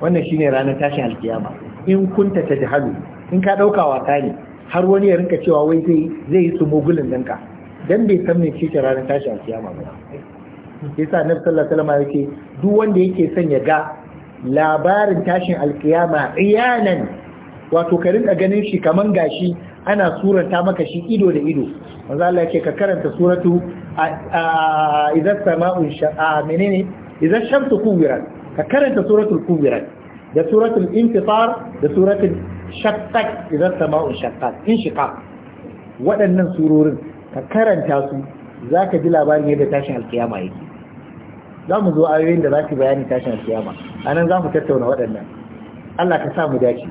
wannan shine ranar tashin alkiyama in kunta tajhalu in ka ɗauka wasa ne har wani ya rinka cewa wai zai zai su sumugulin danka dan bai san mece ce ranar tashi a kiyama ba yasa na sallallahu alaihi ya ce duk wanda yake son ya ga labarin tashin alkiyama iyanan wato ka rinka ganin shi kamar gashi ana suranta maka shi ido da ido wanzu Allah ke ka karanta suratu sama'un sha'a menene shamsu kubirat ka karanta suratul da suratul intifar da suratul shaqqaq idan sama'u shaqqaq shika. waɗannan surorin ka karanta su zaka ji labarin yadda tashin alkiyama yake za mu zo ayoyin da za ki bayani tashin alkiyama anan za mu tattauna waɗannan Allah ka sa mu dace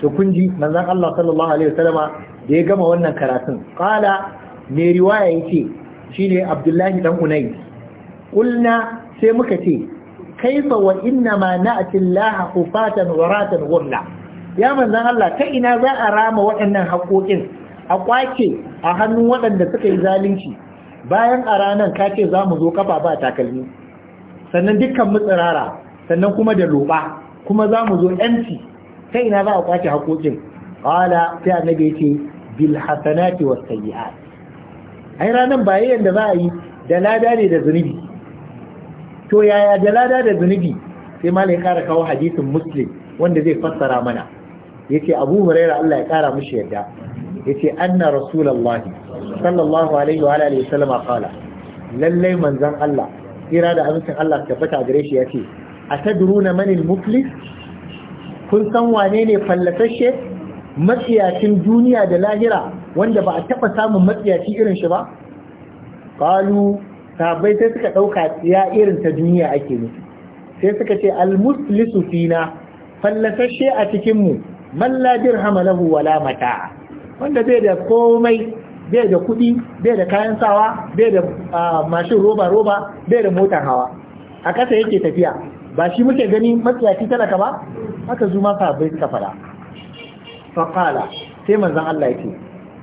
to kun ji manzon Allah sallallahu alaihi wasallama da ya gama wannan karatun qala me riwaya yake shine Abdullahi dan Unay kulna sai muka ce kaifa wa inna ma na'ti Allah hufatan ratan ghurla ya manzon Allah ta ina za a rama waɗannan haƙoƙin a kwace a hannun waɗanda suka yi zalunci bayan a ranan ka ce za mu zo kafa ba takalmi sannan dukkan mutsirara sannan kuma da loba kuma za mu zo yanci ta ina za a kwace haƙoƙin Ƙwala sai annabi ya ce bil hasanati was sayi'at ai ranan ba yayin da za a yi da lada ne da zunubi to yaya da lada da zunubi sai ma ya kara kawo hadisin muslim wanda zai fassara mana ce, abu huraira Allah ya kara mishi yadda ce, anna rasulullah sallallahu alaihi wa alihi wasallam qala lalle manzon Allah kira da amincin Allah tabbata gare shi yace atadruna man al-muflis kun san wane ne fallasasshe matsiyacin duniya da lahira wanda ba a taba samun matsiyaci irin shi ba qalu Sabai sai suka ɗauka ya irin ta duniya ake ne sai suka ce almuslisu fina fallasashe a cikinmu, mu man dirhama wala mata'a wanda bai da komai bai da kuɗi bai da kayan sawa bai da mashin roba roba bai da motar hawa a ƙasa yake tafiya ba shi muke gani matsiyaci talaka ba haka zuma sahabbai suka fada faqala sai manzan Allah yake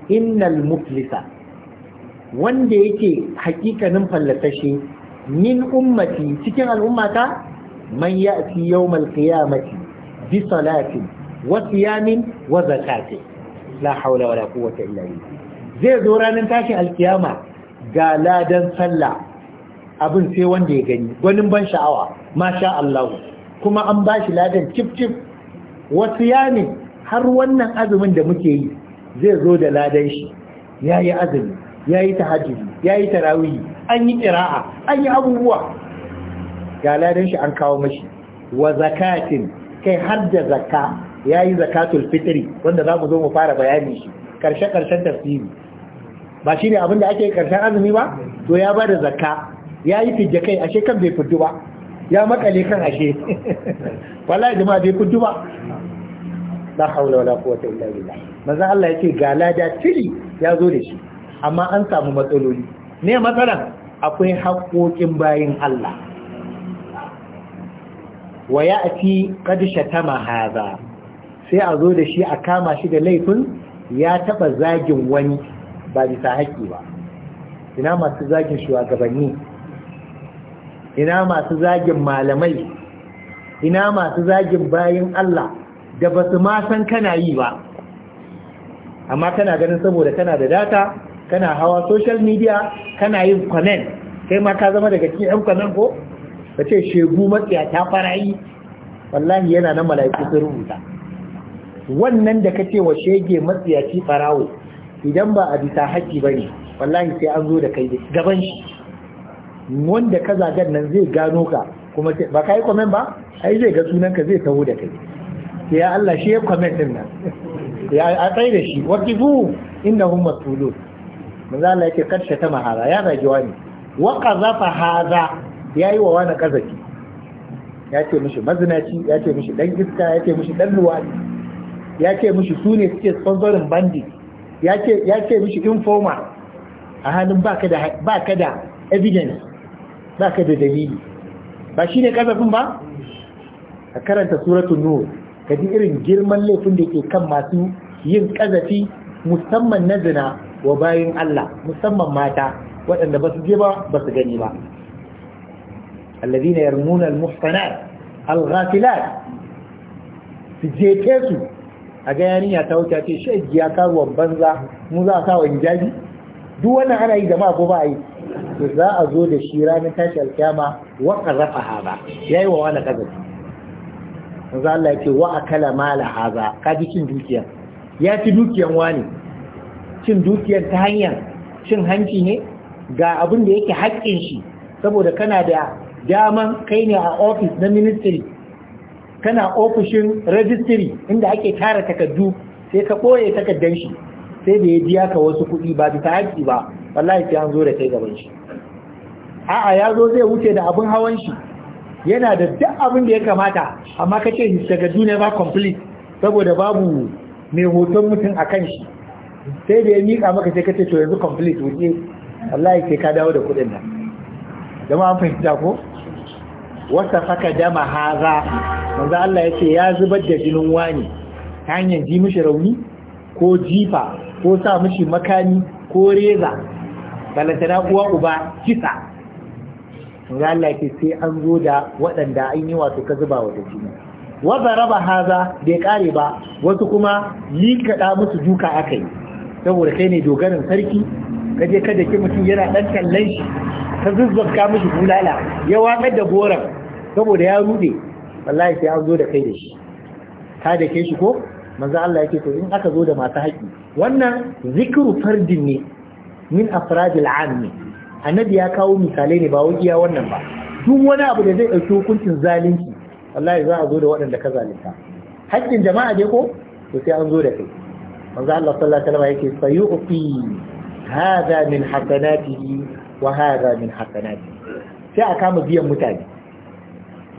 innal muflisa wanda yake haƙiƙanin fallasashe min ummati cikin al'ummata man ya'ti yawmal qiyamati bi salatin wa siyamin wa zakatin la haula zai zo ranar tashin alkiyama ga ladan sallah abin sai wanda ya gani gwanin ban sha'awa masha Allah kuma an bashi ladan cif cif wasu yamin har wannan azumin da muke yi zai zo da ladan shi ya yi azumi ya yi tahajjudi ya yi tarawihi an yi ƙira'a an yi abubuwa ga ladan shi an kawo mashi wa zakatin kai har da zakka ya yi zakatul fitri wanda za mu zo mu fara bayani shi karshe karshen tafsiri ba shi ne abinda ake karshen azumi ba to ya ba da zakka ya yi fidda kai ashe kan bai fiddu ba ya makale kan ashe <laughs> wallahi jama'a bai fiddu ba la hawla wala quwwata illa billah manzo Allah yake ga lada tili ya zo da shi amma an samu matsaloli ne matsalan akwai haƙoƙin bayin Allah wa ya fi ƙadisha ta mahaza? sai a zo da shi a kama shi da laifin ya taɓa zagin wani ba bisa haƙi ba ina masu zagin shugabanni ina masu zagin malamai ina masu zagin bayin Allah da ba su ma san kana yi ba amma kana ganin saboda kana da data kana hawa social media kana yin kwanen kai ma ka zama daga cikin yan kwanen ko ka ce shegu matsiya ta farayi wallahi yana nan mala'iku sun rubuta wannan da ka ce wa shege matsiyaci farawo idan ba a bisa haƙƙi ba ne wallahi sai an zo da kai gaban shi wanda ka zagar nan zai gano ka kuma sai ba ka yi kwamen ba ai zai ga sunan ka zai taho da kai ya Allah shi ya kwamen din nan ya a tsaye da shi waqifu innahum mas'ulun manzo Allah yake kar ta mahara ya zagi wani wa qazafa hadha yayi wa wani kazafi ya ce mishi mazinaci ya ce mishi dan iska ya ce mishi dan luwadi ya ce mishi su ne suke sponsorin bandit ya ce ya ce mishi informer a halin baka da baka da evidence baka da dalili ba shine kazafin ba a karanta suratul nur ka ji irin girman laifin da ke kan masu yin kazafi musamman na zina wa bayin Allah musamman mata waɗanda ba su je ba ba su gani ba alladhina yarmuna al-muhsanat al-ghafilat su su a ga yarinya ta wuce ce shagiya karuwan banza mu za a wa hijabi duk wannan ana yi jama'a ko ba yi to za a zo da shi ranar tashi alkiyama wa qarafa haza yayi wa wani kazafi manzo Allah yake wa akala mala haza ka ji cin dukiya ya ci dukiyan wani cin dukiyar ta hanyar cin hanci ne ga abin da yake haƙƙin shi saboda kana da daman kai ne a ofis na ministry kana ofishin registry inda ake tara takardu sai ka ɓoye takardar shi sai da ya biya ka wasu kuɗi ba bisa haƙƙi ba wallahi sai an zo da kai gaban shi a'a ya zo zai wuce da abin hawan shi yana da duk abin da ya kamata amma kace takardu ne ba complete saboda babu mai hoton mutum a kan shi sai da ya miƙa maka sai kace to yanzu complete wuce wallahi sai ka dawo da kuɗin nan jama'a an fahimta ko wasa faka dama haza manzo Allah yace ya zubar da jinin wani ta hanyar ji mishi rauni ko jifa ko sa mishi makani ko reza na uwa uba kisa manzo Allah ke sai an zo da waɗanda an yi wato ka zuba wata jini Wata raba haza bai kare ba wasu kuma likaɗa musu duka aka yi saboda kai ne dogarin sarki ka je kada ki mutum yana dan kallon shi ka zuzzubka mishi bulala ya watsar da boran saboda ya rude wallahi sai an zo da kai da shi ka da ke shi ko manzo Allah yake to in aka zo da masu haƙi wannan zikru fardin ne min afradil ammi annabi ya kawo misalai ne ba wajiya wannan ba duk wani abu da zai ɗauki hukuncin zalunci wallahi za a zo da waɗanda ka zalunta haƙƙin jama'a je ko to sai an zo da kai manzo Allah sallallahu alaihi wasallam yake sayu'ti hada min hasanatihi wa hada min hasanati sai aka kama biyan mutane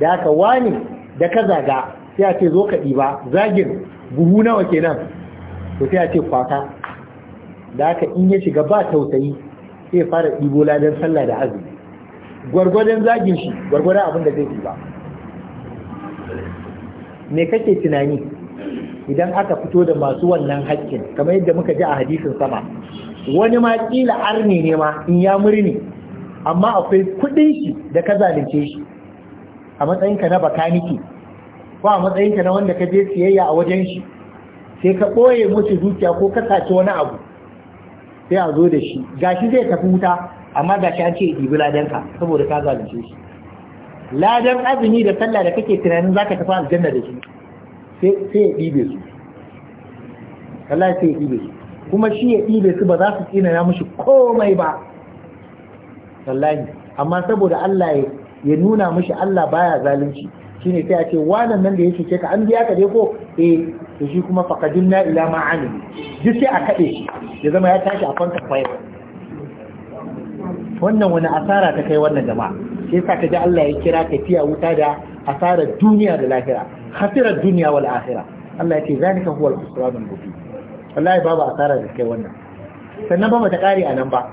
da aka wani da ka zaga sai a ce zo ka ɗiba zagin buhu nawa kenan to sai a ce kwata da aka in ya shiga ba tausayi sai fara ɗibo ladan sallah da azumi gwargwadon zagin shi gwargwadon abin da zai ba. me kake tunani idan aka fito da masu wannan haƙƙin kamar yadda muka ji a hadisin sama wani ma kila arni ne ma in ya murni amma akwai kuɗin shi da ka zalunce shi a matsayinka na bakaniki ko a matsayinka na wanda ka je siyayya a wajen shi sai ka ɓoye musu dukiya ko ka sace wani abu sai a zo da shi gashi zai tafi wuta amma gashi an ce ibi ladanka saboda ka zalunce shi ladan azumi da sallah da kake tunanin zaka tafi aljanna da shi sai ya ɗibe su Allah sai ya ɗibe su kuma shi ya ɗibe su ba za su tsina ya mushi komai ba wallahi amma saboda Allah ya nuna mushi Allah baya zalunci shine sai a ce wannan nan da ya ce ka an ka dai ko eh to shi kuma faqadinna ila ma alim duk sai a kade shi ya zama ya tashi a fanka kwaye wannan wani asara ta kai wannan jama'a sai sa ka ji Allah ya kira ka fiya wuta da asarar duniya da lahira khasirar duniya wal akhira Allah yake zalika huwa al-khusran al-mubin wallahi babu asara da kai wannan sannan ba ta kare a nan ba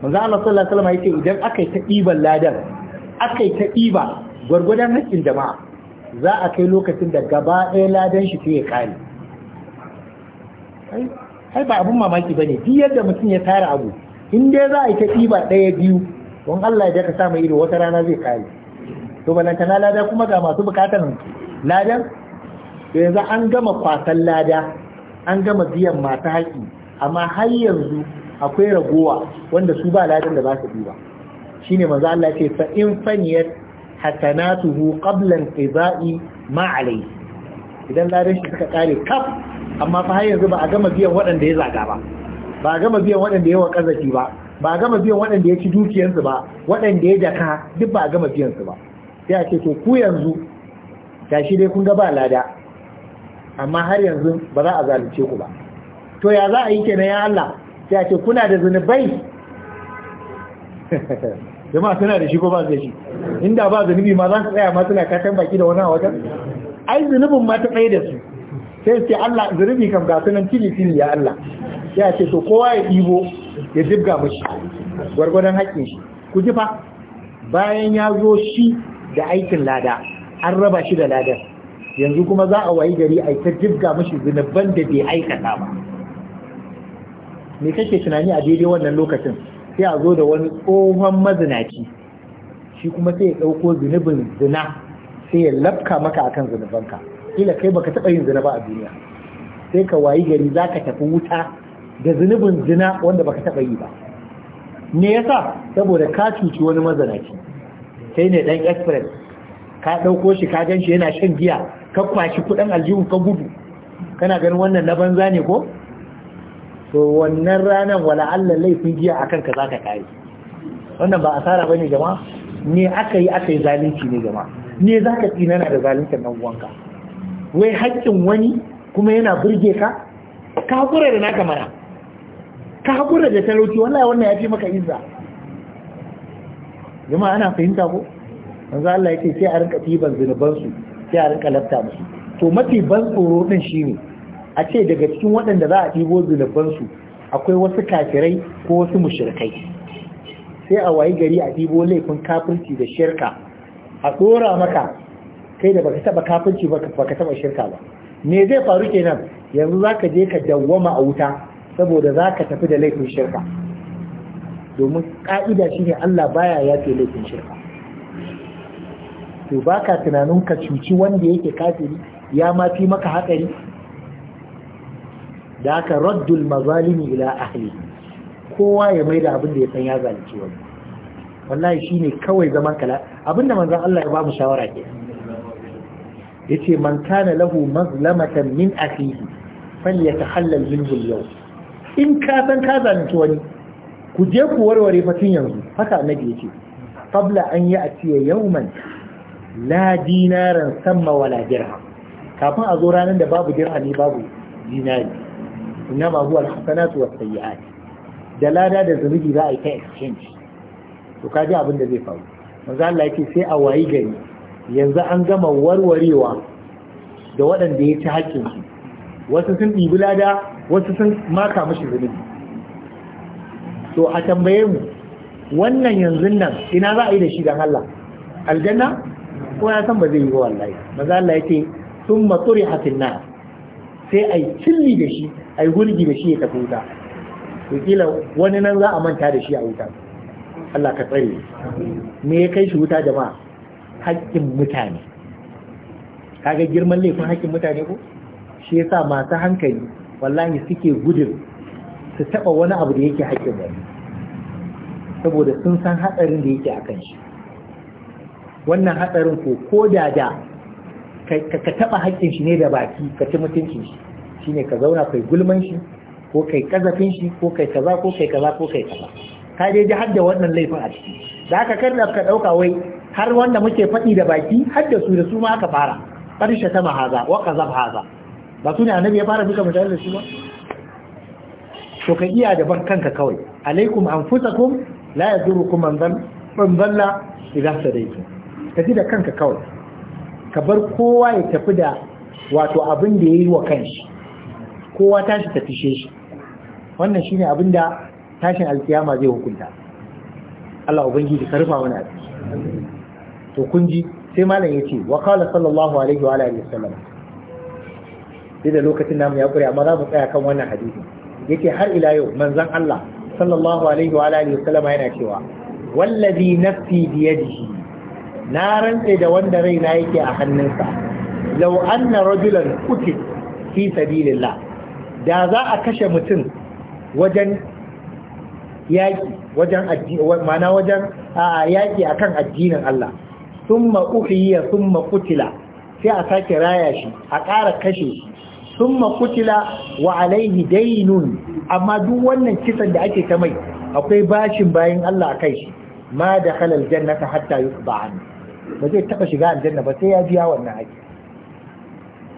manzo Allah sallallahu alaihi wasallam yake idan akai ta diban ladan akai ta diba gurgurdan hakkin jama'a za a kai lokacin da gaba ɗaya ladan shi sai ya kare ai ba abun mamaki bane duk yadda mutum ya tara abu in dai za a yi ta diba ɗaya biyu don Allah ya ka sa mai ido wata rana zai kare to balantana lada kuma ga masu bukatar ladan yanzu an gama kwasan lada an gama biyan mata haƙi amma har yanzu akwai ragowa wanda su ba ladan da za su Shi shine manzo Allah ce fa in faniyat hasanatuhu qabla inqida'i ma alayhi idan ladan shi suka kare kaf amma fa har yanzu ba a gama biyan waɗanda ya zaga ba ba a gama biyan waɗanda ya wakazafi ba ba a gama biyan waɗanda ya ci dukiyarsu ba waɗanda ya jaka duk ba a gama biyan su ba sai a ce to ku yanzu gashi dai kun ga ba lada amma har yanzu ba za a zalunce ku ba to ya za a yi kenan ya Allah sai a ce kuna da zunubai <laughs> jama'a suna da shi ko ba da shi inda ba zunubi ma za su tsaya ma suna katon baki da wani a wajen ai zunubin ma ta tsaye da su sai ce Allah zunubi kam ga sunan fili fili ya Allah sai a ce to kowa ya ɗibo ya jibga mashi gwargwadon haƙƙin shi ku ji fa bayan ya zo shi da aikin lada an raba shi da ladan yanzu kuma za a wayi gari a ta jibga mashi zunuban da bai aikata ba me kake tunani a daidai wannan lokacin sai a zo da wani tsohon mazinaci shi kuma sai ya ɗauko zunubin zina sai ya lafka maka akan zunubanka kila kai baka taɓa yin zina ba a duniya sai ka wayi gari za ka tafi wuta da zunubin zina wanda baka taɓa yi ba me yasa saboda ka cuci wani mazinaci sai ne dan express ka ɗauko shi ka gan shi yana shan giya ka kwashi kuɗin aljihun ka gudu kana ganin wannan na banza ne ko to wannan ranar wala Allah laifin giya za ka zaka wannan ba asara bane jama'a ne aka yi aka yi zalunci ne jama ne zaka tsinana da zaluncin nan uwanka wai haƙƙin wani kuma yana burge ka ka haƙura da naka mana ka haƙura da talauci wallahi wannan ya fi maka izza jama'a ana fahimta ko yanzu Allah ya ce sai a rinka tiban zunuban su sai a rinka lafta musu to mafi ban tsoro din shine a ce daga cikin waɗanda za a ɗibo zunuban akwai wasu kafirai ko wasu mushrikai sai a wayi gari a ɗibo laifin kafirci da shirka a tsora maka kai da baka taba kafirci baka taba shirka ba me zai faru kenan yanzu zaka je ka dawwama a wuta saboda zaka tafi da laifin shirka domin ka'ida shine Allah baya ya ce laifin shirka to ka tunanin ka cuci wanda yake kafiri ya mafi maka haƙari da aka raddul mazalimi ila ahli kowa ya mai da abin da ya san ya zalunci wani wallahi ne kawai zaman kala abinda manzan Allah ya ba mu shawara ke Ya ce, man kana lahu mazlamatan min akhihi ya minhu al yau. in ka san ka zalunci wani ku je ku warware fatin yanzu haka annabi ce. qabla an ya'tiya yawman la dinaran samma wala dirham kafin a zo ranar da babu ne babu dinari ma huwa al-hasanatu was sayyi'at da lada da zubi za a yi ta exchange to kaji abin da zai faru manzo Allah yake sai a wayi gari yanzu an gama warwarewa da waɗanda ya ci hakkin su wasu sun ɗibi lada wasu sun maka mashi zunubi to a tambaye mu wannan yanzu nan ina za a yi da shi don Allah aljanna kuma ya san ba zai yi ba wallahi maza Allah ya ce sun matsuri hafin na sai a yi cilli da shi a yi da shi ya tafi wuta kila wani nan za a manta da shi a wuta Allah ka tsare me ya kai shi wuta jama'a hakkin mutane kaga girman laifin hakkin mutane ko shi yasa masu hankali wallahi suke gudun su taɓa wani abu da yake hakkin wani saboda sun san hatsarin da yake a kan shi wannan hatsarin ko ko da da ka taɓa haƙƙin shi ne da baki ka ci mutuncin shi shine ka zauna kai gulman shi ko kai kazafin shi ko kai kaza ko kai kaza ko kai kaza ka dai ji hadda wannan laifin a ciki da aka karda ka dauka wai har wanda muke faɗi da baki har da su da su ma aka fara karshe ta mahaza wa kazaf haza ba su ne annabi ya fara duka mutane da su ba to ka iya da ban kanka kawai alaikum anfusakum la yadurukum man dalla idan sadaitum Ka ji da kanka kawai ka bar kowa ya tafi da wato abin da ya yi wa kanshi kowa tashi tafi shi wannan shine abin da tashin alkiyama zai hukunta Allah ubangiji ka rufa wani abu to kun ji sai malam yace wa qala sallallahu alaihi wa alihi wasallam sai da lokacin namu ya kure amma za mu tsaya kan wannan hadisi yake har ila yau manzon Allah sallallahu alaihi wa alihi wasallam yana cewa wallazi nafsi bi yadihi na rantse da wanda raina yake a hannunsa law anna rajulan qutil fi sabilillah da za a kashe mutum wajen yaki wajen ma'ana wajen yaki akan addinin Allah summa uhiya summa qutila sai a sake raya shi a ƙara kashe shi summa qutila wa alaihi daynun amma duk wannan kisan da ake ta mai akwai bashin bayan Allah akai shi ma dakhala aljannata hatta yusba anhu ba zai taba shiga aljanna ba sai ya biya wannan haƙi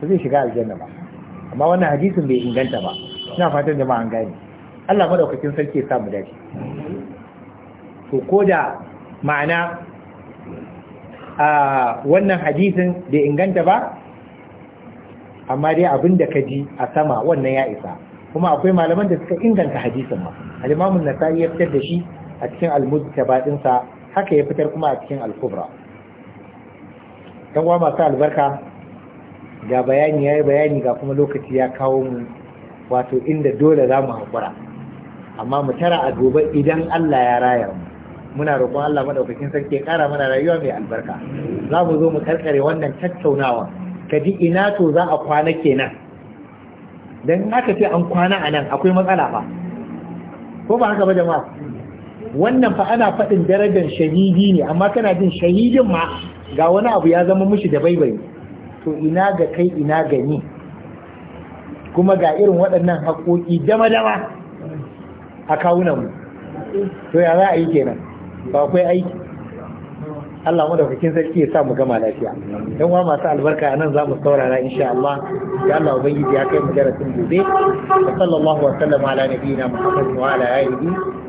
ba zai shiga aljanna ba amma wannan hadisin bai inganta ba ina fatan jama'a an gane Allah madaukakin sarki ya samu dace to ko da ma'ana a wannan hadisin bai inganta ba amma dai abin da ka ji a sama wannan ya isa kuma akwai malaman da suka inganta hadisin ma al-Imam nasai ya fitar da shi a cikin al-Mujtaba sa haka ya fitar kuma a cikin al-Kubra Ɗan uwa masu albarka ga bayani ya yi bayani ga kuma lokaci ya kawo mu wato inda dole za mu haƙura amma mu tara a gobe idan Allah ya raya mu muna roƙon Allah maɗaukacin sarki ya ƙara mana rayuwa mai albarka za mu zo mu karkare wannan tattaunawa ka ji ina to za a kwana kenan dan aka ce an kwana a nan akwai matsala fa ko ba haka ba jama'a wannan fa ana faɗin darajar shahidi ne amma kana jin shahidin ma ga wani abu ya zama mushi da baibayi to ina ga kai ina ga ni kuma ga irin waɗannan haƙoƙi dama-dama a mu, to ya za a yi kenan ba akwai aiki Allah mu daukakin sarki ya sa mu gama lafiya dan wa masu albarka a nan za mu saurara insha Allah ya Allah ubangiji ya kai mu darasin gobe sallallahu alaihi wa sallam, ala nabiyina muhammad wa ala alihi